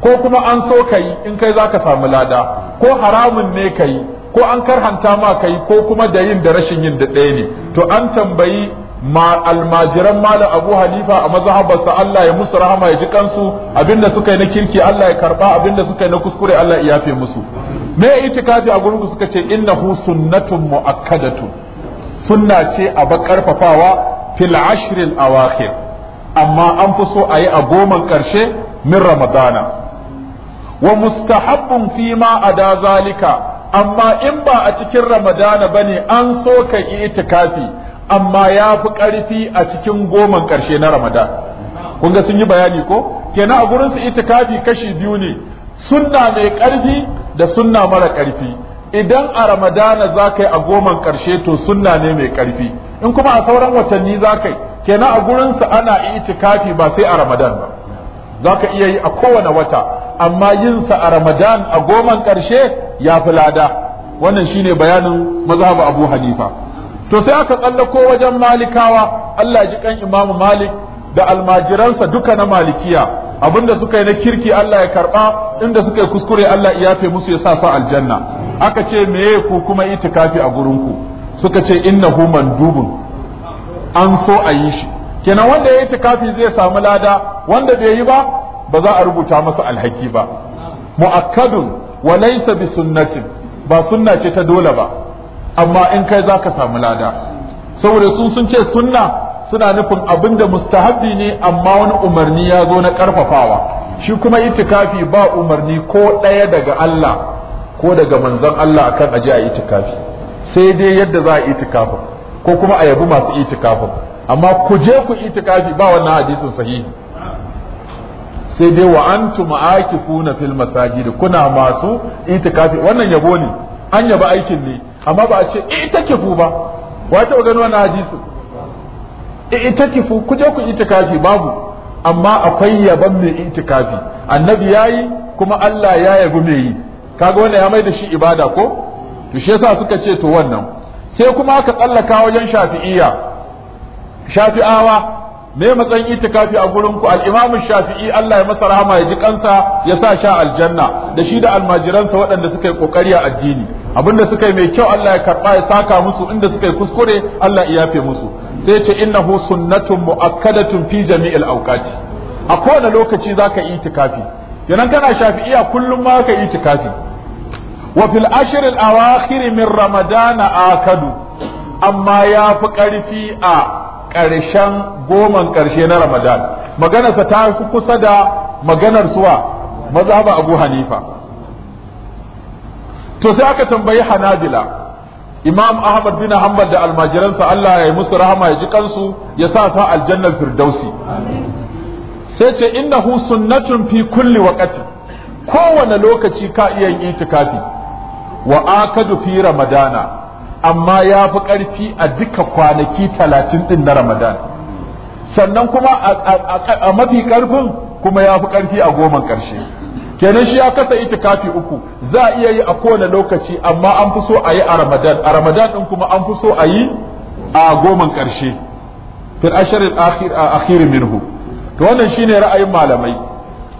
ko kuma an so ka yi in kai za ka samu lada ko haramun ne ka yi ko an karhanta ma ka yi ko kuma da yin da rashin yin da ɗaya ne to an tambayi ma almajiran malam abu Halifa a mazhabarsa Allah ya musu rahama ya ji kansu abinda suka yi na kirki Allah ya karba abinda suka yi na kuskure Allah ya yafe musu me itikafi a gurin suka ce innahu sunnatun muakkadatun sunna ce a ba karfafawa fil ashril awakhir amma an fi so a yi a goman karshe min ramadana wa mustahabbun fi ma ada zalika amma in ba a cikin ramadana bane an so ka yi itikafi amma ya fi ƙarfi a cikin goman ƙarshe na ramadan kun ga sun yi bayani ko kenan a gurin su itikafi kashi biyu ne sunna mai ƙarfi da sunna mara ƙarfi idan a ramadana za ka yi a goman ƙarshe to sunna ne mai ƙarfi in kuma a sauran watanni za ka yi kenan a su ana itikafi ba sai a ramadan ba za ka iya yi a kowane wata amma yin sa a ramadan a goman ƙarshe ya fi lada wannan shine bayanin mazhabu abu hanifa to sai aka tsallako wajen malikawa Allah ji kan imamu malik da almajiransa duka na malikiya abinda suka yi na kirki Allah ya karba inda suka yi kuskure Allah ya yafe musu ya sa su aljanna aka ce meye ku kuma itikafi a gurinku suka ce innahu mandubun an so a yi shi kenan wanda ya itikafi zai samu lada wanda bai yi ba ba za a rubuta masa alhaki ba mu'akkadun wa laysa bi sunnatin ba sunna ce ta dole ba amma in kai za ka samu lada saboda sun sun ce sunna suna nufin abin da mustahabbi ne amma wani umarni ya zo na karfafawa shi kuma itikafi ba umarni ko ɗaya daga Allah ko daga manzon Allah akan aje a itikafi sai dai yadda za a itikafin ko kuma a yabi masu itikafin amma ku je ku itikafi ba wannan hadisin sahihi sai dai wa antum aakifuna fil masajid kuna masu itikafi wannan yabo ne an yaba aikin ne amma ba a ce eh, ita kifu ba wa ta gano wannan hadisi eh, ita kifu ku je ku itikafi babu amma akwai yaban mai itikafi annabi yayi kuma Allah ya yabi mai yi kaga wannan ya mai da shi ibada ko to shi yasa suka ce to wannan sai kuma aka tsallaka wajen shafi'iyya shafi'awa me matsayin itikafi a gurin ku al-Imam Shafi'i Allah ya masa rahama ya ji kansa ya sa sha aljanna da shi da almajiransa waɗanda suka yi kokari a addini abinda suka yi mai kyau Allah ya karba ya saka musu inda suka yi kuskure Allah ya yafe musu sai ce innahu sunnatun muakkadatun fi jami'il awqati a kowane lokaci zaka yi itikafi kenan kana shafi'iya kullum ma ka yi itikafi wa fil ashr al awakhir min ramadana akadu amma ya fi karfi a ƙarshen goman ƙarshe na ramadan maganarsa ta fi kusa da maganar suwa mazhaba abu hanifa to sai aka tambayi hanabila imam ahmad bin hanbal da almajiransa Allah ya yi musu rahama ya ji kansu ya sa sa aljannar firdausi sai ce hu sunnatun fi kulli waqti kowane lokaci ka iya yin itikafi wa akadu fi ramadana amma ya fi ƙarfi a duka kwanaki talatin ɗin na ramadan sannan kuma a mafi karfin kuma ya fi ƙarfi a goman ƙarshe kenan shi ya kasa itikafi uku za a iya yi a kowane lokaci amma an fi so a yi a ramadan a ramadan din kuma an fi so a yi a goman karshe fil asharil akhir minhu to wannan shine ra'ayin malamai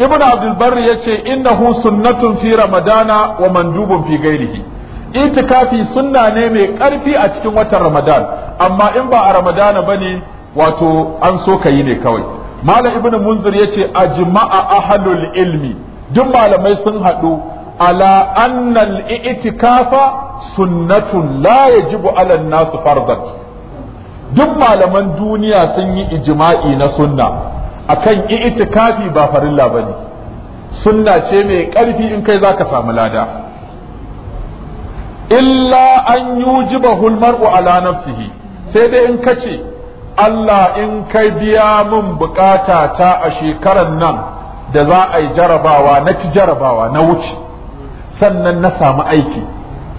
ibnu abdul barri yace innahu sunnatun fi ramadana wa mandubun fi ghairihi itikafi sunna ne mai karfi a cikin watan ramadan amma in ba a ramadana bane wato an so ka yi ne kawai malam ibnu munzir yace ajma'a ahlul ilmi duk malamai sun haɗu ala annal i'tikafa sunnatun la yajibu ala nas fardan duk malaman duniya sun yi ijma'i na sunna akan i'tikafi ba farilla bane sunna ce mai ƙarfi in kai zaka samu lada illa an yujibahu al-mar'u ala nafsihi sai dai in kace Allah in kai biya min bukata ta a shekarar nan da za a yi jarabawa na ci jarabawa na wuce sannan na samu aiki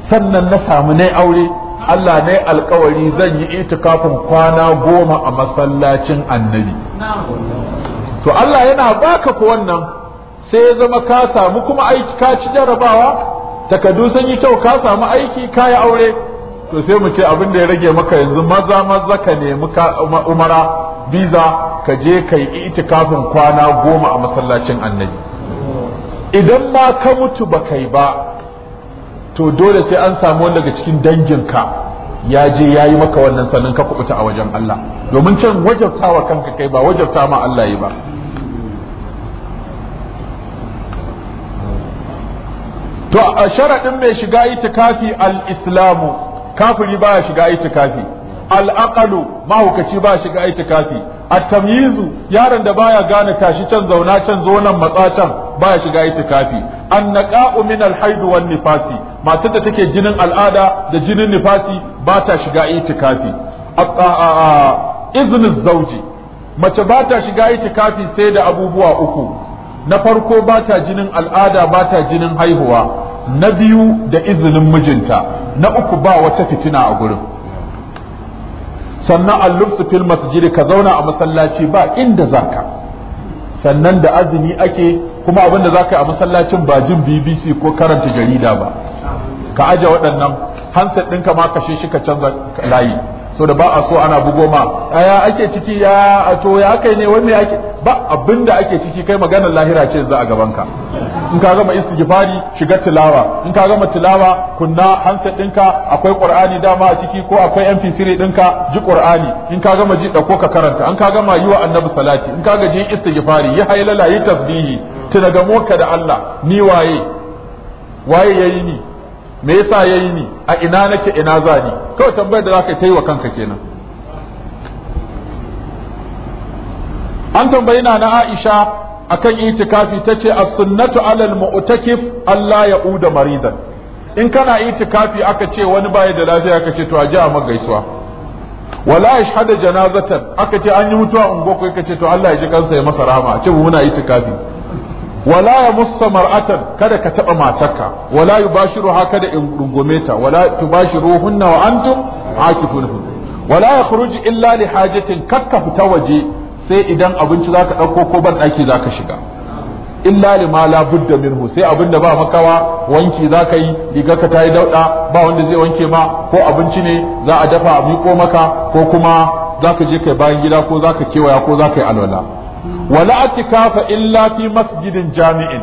sannan na samu na aure Allah ne alkawari zan yi itikafin kwana goma a masallacin annabi to Allah yana baka ku wannan sai ya zama ka samu kuma aiki ka ci jarabawa takardu sun yi kyau ka samu aiki ka yi aure to sai mu ce abin da ya rage maka yanzu maza maza ka nemi umara biza ka je ka yi itikafin kwana goma a masallacin annabi idan ma ka mutu ba kai ba to dole sai an samu wani daga cikin danginka ya je ya yi maka wannan sannan ka kubuta a wajen Allah domin can wajabta wa kanka kai ba wajabta ma Allah yi ba to a sharaɗin mai shiga itikafi al-islamu kafiri ba ya shiga itikafi al-aqalu mahaukaci ba shiga itikafi at-tamyizu yaron da baya gane tashi can zauna can zo nan matsa can baya shiga itikafi an-naqa'u min al-haid nifasi matar da take jinin al'ada da jinin nifasi ba ta shiga itikafi iznin zauji mace ba ta shiga itikafi sai da abubuwa uku na farko ba ta jinin al'ada ba ta jinin haihuwa na biyu da izinin mijinta na uku ba wata fitina a gurin sannan allubsu fil masjid ka zauna a masallaci ba inda zaka sannan da azumi ake kuma abin da zaka yi a masallacin ba jin BBC ko karanta jarida ba ka aje waɗannan hanset ɗinka ma kashe shi ka canza layi to da ba a so ana bugo ma aya ake ciki ya to ya kai ne wanne ake ba abinda ake ciki kai maganar lahira ce za a gaban ka in ka gama istighfari shiga tilawa in ka gama tilawa kunna hansa dinka akwai qur'ani dama a ciki ko akwai mp3 dinka ji qur'ani in ka gama ji dauko ka karanta in ka gama yi wa annabi salati in ka ga ji istighfari yi haylala yi tasbihi tun gamo ka da Allah ni waye waye yayi ni me yasa yayi ni a ina nake ina zani kawai tambayar da zaka yi wa kanka kenan an tambayi na Aisha akan itikafi tace as-sunnatu 'ala al-mu'takif Allah ya'uda maridan in kana itikafi aka ce wani baya da lafiya aka ce to a ji a magaisuwa wala yashhadu janazatan aka ce an yi mutuwa ungo ko aka ce to Allah ya ji kansa ya masa rahama a ce muna itikafi wala ya mussa mar'atan kada ka taba matarka wala yubashiruha kada in rungume ta wala tubashiruhunna wa antum akifun wala yakhruj illa li hajatin kakka fita waje sai idan abinci zaka dauko ko ban daki zaka shiga illa ma la budda minhu sai abinda ba makawa wanki zaka ka yi rigarka ta yi dauda ba wanda zai wanke ma ko abinci ne za a dafa abin miƙo maka ko kuma za je kai bayan gida ko zaka kewaya ko zaka yi alwala wala atikafa illa fi masjidin jami'in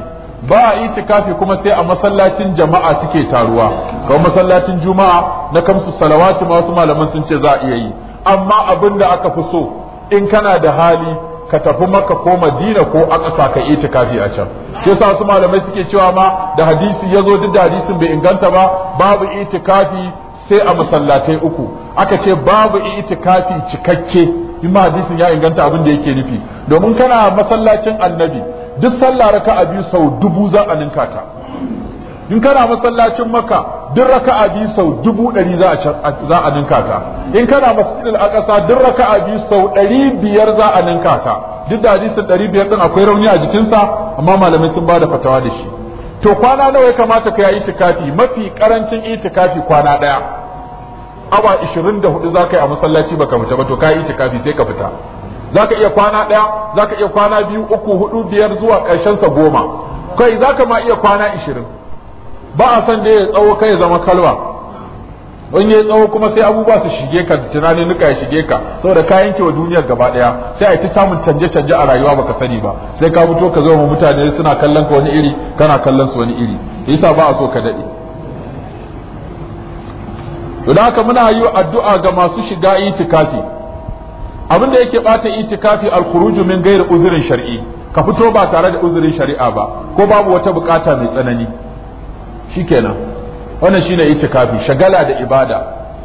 ba a itikafi kuma sai a masallacin jama'a suke taruwa kamar masallacin juma'a na kamsu salawati ma wasu malaman sun ce za a iya yi amma abin da aka fi so in kana da hali ka tafi maka ko madina ko akasa ka itikafi a can sai yasa wasu malamai suke cewa ma da hadisi ya zo duk da hadisin bai inganta ba babu itikafi sai a masallatai uku aka ce babu itikafi cikakke in ma hadisin ya inganta abin da yake nufi domin kana masallacin annabi duk sallah raka'a biyu sau dubu za a ninka ta in kana masallacin makka duk raka'a biyu sau dubu ɗari za a ninka ta in kana masjidil aqsa duk raka'a biyu sau ɗari biyar za a ninka ta duk da hadisin ɗari biyar ɗin akwai rauni a jikinsa amma malamai sun ba da fatawa da shi to kwana nawa ya kamata ka yi itikafi mafi karancin itikafi kwana daya awa 24 za ka yi a masallaci baka fita ba to ka yi itikafi sai ka fita za ka iya kwana daya za ka iya kwana biyu uku hudu biyar zuwa karshen sa goma kai za ka ma iya kwana 20 ba a san da ya tsawo kai zama kalwa in yi tsawo kuma sai abubuwa su shige ka tunani nuka ya shige ka saboda ka yanke wa duniyar gaba daya sai a ta samun canje canje a rayuwa baka sani ba sai ka fito ka zama mutane suna kallon ka wani iri kana kallon su wani iri yasa ba a so ka dade to da haka muna yi addu'a ga masu shiga itikafi abin da yake bata itikafi al-khuruju min ghairi uzurin shar'i ka fito ba tare da uzurin shari'a ba ko babu wata bukata mai tsanani shikenan wannan shine itikafi shagala da ibada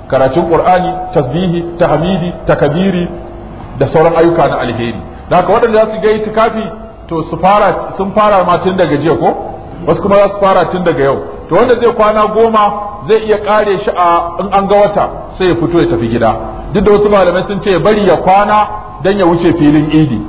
karatun qur'ani tasbihi tahmidi takabiri da sauran ayyuka na alheri da haka waɗanda za su ga itikafi to su fara sun fara ma tun daga jiya ko wasu kuma za fara tun daga yau to wanda zai kwana goma zai iya kare shi a in an ga wata sai ya fito ya tafi gida duk da wasu malamai sun ce bari ya kwana dan ya wuce filin idi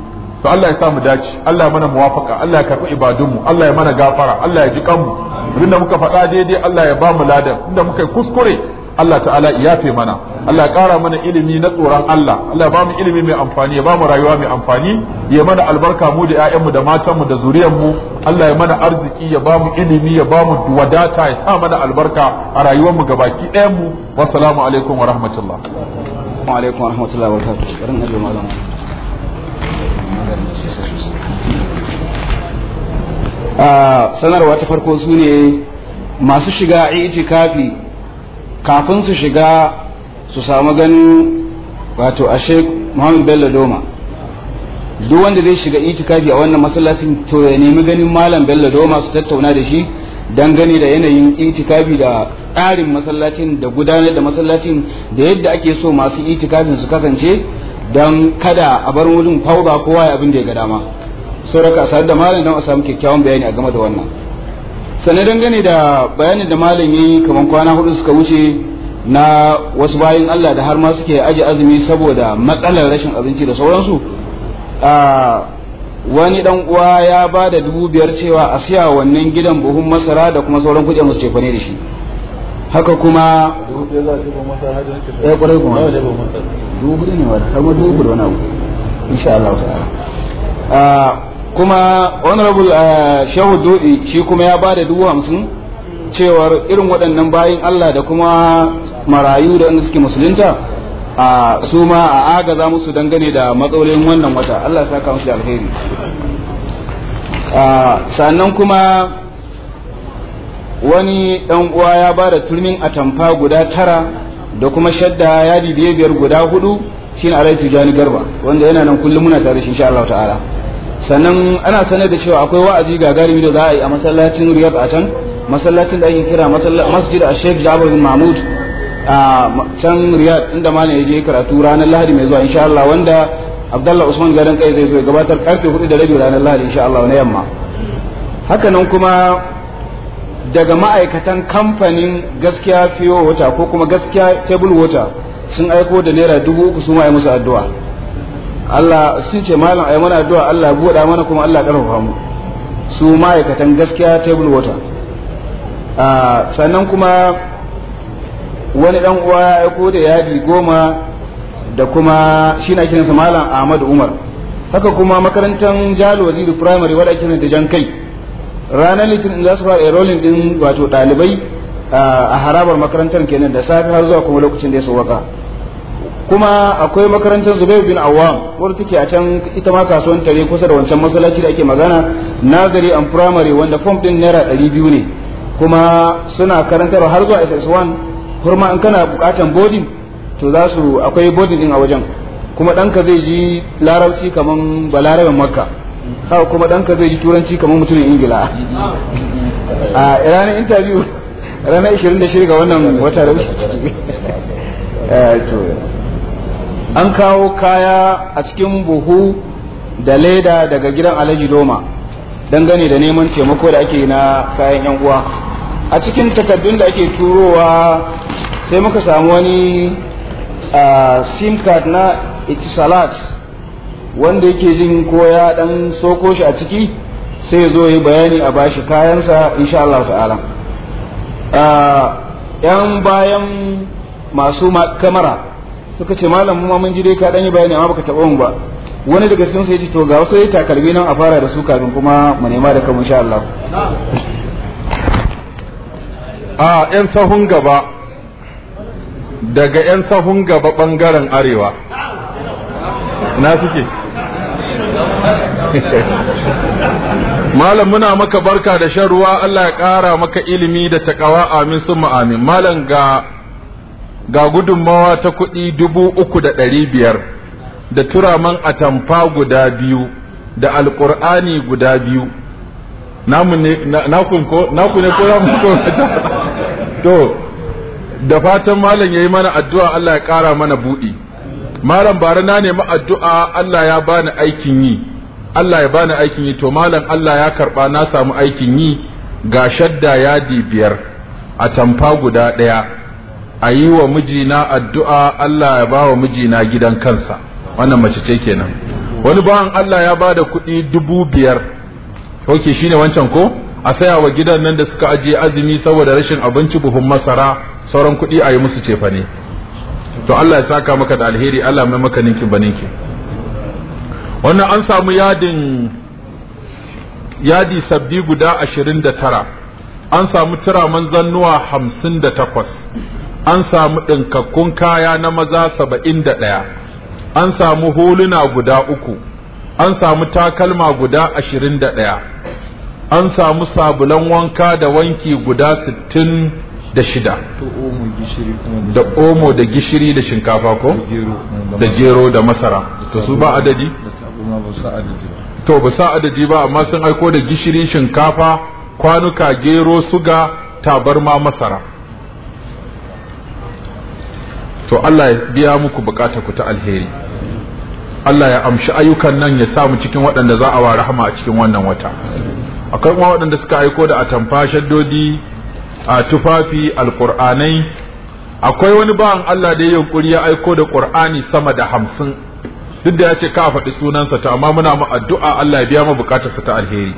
to Allah ya sa mu dace Allah ya mana muwafaka Allah ya karbi ibadunmu Allah ya mana gafara Allah ya ji kanmu inda muka faɗa daidai Allah ya ba mu ladan inda muka kuskure Allah ta'ala ya fe mana Allah ya ƙara mana ilimi na tsoron Allah Allah ya ba mu ilimi mai amfani ya ba mu rayuwa mai amfani ya mana albarka mu da mu da matanmu da zuriyarmu Allah ya mana arziki ya ba mu ilimi ya ba mu wadata ya sa mana albarka a rayuwarmu gabaki ɗayanmu wassalamu alaikum wa rahmatullah wa alaikum wa rahmatullah wa barakatuh a sanarwa ta farko su ne masu shiga itikafi kafin su shiga su samu ganin wato a sheik muhammad bello doma duk wanda zai shiga itikafi a wannan masallacin to ya nemi ganin malam bello doma su tattauna da shi dangane da yanayin itikafi da tsarin masallacin da gudanar da masallacin da yadda ake so masu itikafin su kasance don kada a bar wurin fauda kowa ya abin da ya ga dama sai raka sai da malam don a samu kyakkyawan bayani a game da wannan sannan dangane da bayanin da malam yi kamar kwana hudu suka wuce na wasu bayan Allah da har ma suke aji azumi saboda matsalar rashin abinci da sauransu wani dan uwa ya ba da dubu biyar cewa a siya wannan gidan buhun masara da kuma sauran kuɗi musu cefane da shi haka kuma dubu ne wata dubu da wani abu insha Allah ta'ala ah, kuma honorable ah, shehu dodi shi kuma ya bada dubu hamsin cewar irin waɗannan bayin Allah da kuma marayu da wanda suke musulunta a ah, su ma a agaza musu dangane da matsalolin wannan wata Allah saka musu da alheri sannan kuma wani ɗan uwa ya ba da turmin atamfa guda tara da kuma shadda ya bibiye biyar guda hudu shine alaitu jani Garba wanda yana nan kullum muna tare shi insha Allah ta'ala sannan ana sanar da cewa akwai wa'azi gagarumi da za a yi a masallacin Riyad a can masallacin da ake kira masjid a Sheikh Jabir bin Mahmud a can Riyad inda malam ya je karatu ranar Lahadi mai zuwa insha Allah wanda Abdullahi Usman Gadan kai zai zo gabatar karfe 4 da rabi ranar Lahadi insha Allah na yamma haka nan kuma daga ma'aikatan kamfanin gaskiya fiyo wata ko kuma gaskiya table water sun aiko da naira dubu uku su ma musu addu'a Allah sun ce malam ai mana addu'a Allah buɗa mana kuma Allah karfafa mu su ma'aikatan gaskiya table water sannan kuma wani dan uwa ya aiko da yadi goma da kuma shi na kiransa malam Ahmad Umar haka kuma makarantar Jalo Waziri Primary wadda kiran da Jan Kai ranar litinin za su fara enrolling din wato ɗalibai a harabar makarantar kenan da safe har zuwa kuma lokacin da ya sauwaka kuma akwai makarantar zubair bin awam wadda take a can ita ma kasuwan tare kusa da wancan masallaci da ake magana nazari and primary wanda fom din naira ɗari biyu ne kuma suna karantarwa har zuwa ss1 kurma in kana bukatan boarding to za su akwai boarding din a wajen kuma ɗanka zai ji larabci kaman balarabin makka haka kuma ɗanka zai ji turanci kamar mutumin ingila a ranar interview ranar 26 ga wannan wata da eh, to an kawo kaya a cikin buhu da leda daga gidan alhaji doma dangane da neman taimako da ake na kayan yan uwa a cikin takardun da ake turowa sai muka samu wani ah, sim card na itisalat wanda yake jin ko ya dan soko shi a ciki sai zo yi bayani a bashi kayansa insha Allah ta'ala yan bayan masu kamara suka ce malam mu mun ji dai ka dan yi bayani amma baka taɓa mu ba wani daga cikin su ya ce to ga wasu takalmi nan a fara da su kafin kuma mu nema da kanmu insha Allah a yan sahun gaba daga yan sahun gaba bangaren arewa na suke malam muna maka barka da shan ruwa Allah ya ƙara maka ilimi da takawa amin sun amin malam ga ga gudunmawa ta kuɗi dubu uku da ɗari biyar da turaman atamfa guda biyu da alƙur'ani guda biyu namu ne ko naku ne ko namu ko to da fatan malam ya yi mana addu'a Allah ya ƙara mana buɗi malam bara na nemi addu'a Allah ya bani aikin yi Allah ya bani aikin yi to malam Allah ya karba na samu aikin yi ga shadda yadi biyar a tamfa guda ɗaya a yi wa mijina addu'a Allah ya ba wa mijina gidan kansa wannan mace ce kenan wani bawan Allah ya bada da kuɗi dubu biyar ok shine wancan ko a saya wa gidan nan da suka ajiye azumi saboda rashin abinci buhun masara sauran kuɗi a yi musu cefane to Allah ya saka maka da alheri Allah mai maka ninki ninki wannan an samu yadin yadi sabbi guda ashirin da tara an samu turaman zannuwa hamsin da takwas an samu ɗinkakkun kaya na maza saba'in da ɗaya an samu huluna guda uku an samu takalma guda ashirin da ɗaya an samu sabulan wanka da wanki guda sittin da shida da omo da gishiri da shinkafa ko da jero da masara to su ba adadi to ba sa adadi ba amma sun aiko da gishiri shinkafa kwanuka gero suga tabarma masara to Allah ya biya muku bukata ku ta alheri Allah ya amshi ayyukan nan ya samu cikin waɗanda za a wa rahama a cikin wannan wata akwai kuma waɗanda suka aiko da atamfa shaddodi a tufafi Alƙur'anai akwai wani bawan Allah da ya yunkuri ya aiko da qur'ani sama da hamsin duk da ya ce ka faɗi sunansa ta amma muna mu addu'a Allah ya biya mu bukatarsa ta alheri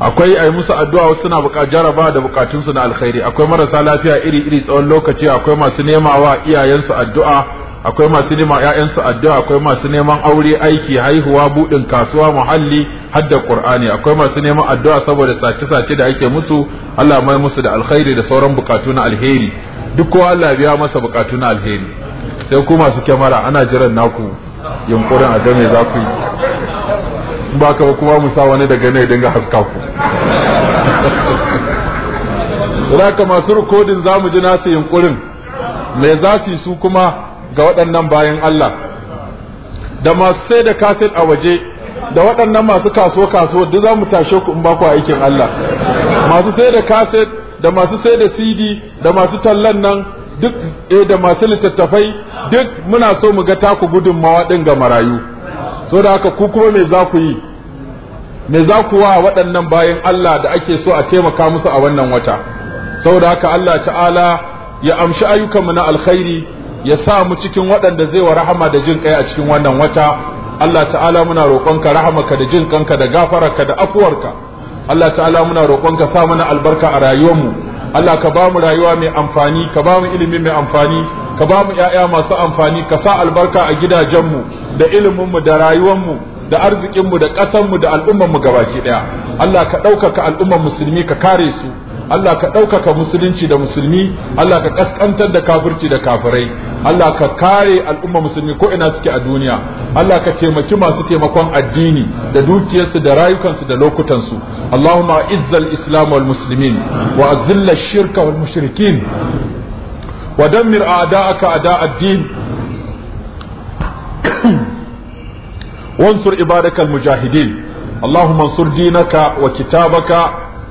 akwai ai musu addu'a wasu suna buƙatar jaraba da bukatunsu na alheri akwai marasa lafiya iri iri tsawon lokaci akwai masu nemawa iyayensu addu'a akwai masu neman ya'yansu addu'a akwai masu neman aure aiki haihuwa buɗin kasuwa muhalli hadda qur'ani akwai masu neman addu'a saboda sace-sace da ake musu Allah mai musu da alkhairi da sauran bukatu na alheri duk kowa Allah biya masa bukatu na alheri sai ku masu kyamara ana jiran naku yunkurin a game za ku yi ba ka kuma mu sa wani daga ne dinga haska ku ka masu rikodin za mu ji nasu yunkurin me za su yi su kuma ga waɗannan bayan Allah da masu sai da kaset a waje da waɗannan masu kaso kaso duk za mu tashe ku in ba ku aikin Allah masu sai da kaset da masu sai da CD da masu tallan nan duk eh da masu littattafai duk muna so mu ga taku gudunmawa din ga marayu so da haka ku kuma me za ku yi me za ku wa waɗannan bayan Allah da ake so a taimaka musu a wannan wata saboda haka Allah ta'ala ya amshi ayyukanmu na alkhairi ya sa mu cikin waɗanda zai wa rahama da jin kai a cikin wannan wata Allah ta'ala muna roƙonka rahamaka da jin kanka da gafararka da afuwarka Allah ta'ala muna roƙonka sa mana albarka a rayuwarmu Allah ka ba mu rayuwa mai amfani ka ba mu ilimi mai amfani ka ba mu ƴaƴa masu amfani ka sa albarka a gidajen mu da iliminmu da rayuwar mu da arzikinmu da ƙasarmu da al'ummarmu gabaki ɗaya Allah ka ɗaukaka al'ummar musulmi ka kare su Allah ka ɗaukaka musulunci da musulmi Allah ka ƙasƙantar da kafirci da kafirai Allah ka kare al'umma musulmi ko ina suke a duniya Allah ka taimaki masu taimakon addini da dukiyarsu da rayukansu da lokutansu Allahumma izzal islam wal muslimin wa azilla shirka wal mushrikin wa dammir a'da'aka a'da' ad-din وانصر عبادك المجاهدين اللهم انصر دينك وكتابك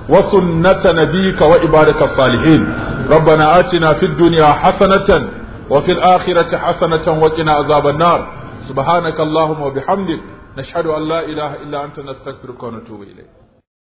وسنة نبيك وعبادك الصالحين ربنا آتنا في الدنيا حسنة وفي الآخرة حسنة وقنا عذاب النار سبحانك اللهم وبحمدك نشهد أن لا إله إلا أنت نستغفرك ونتوب إليك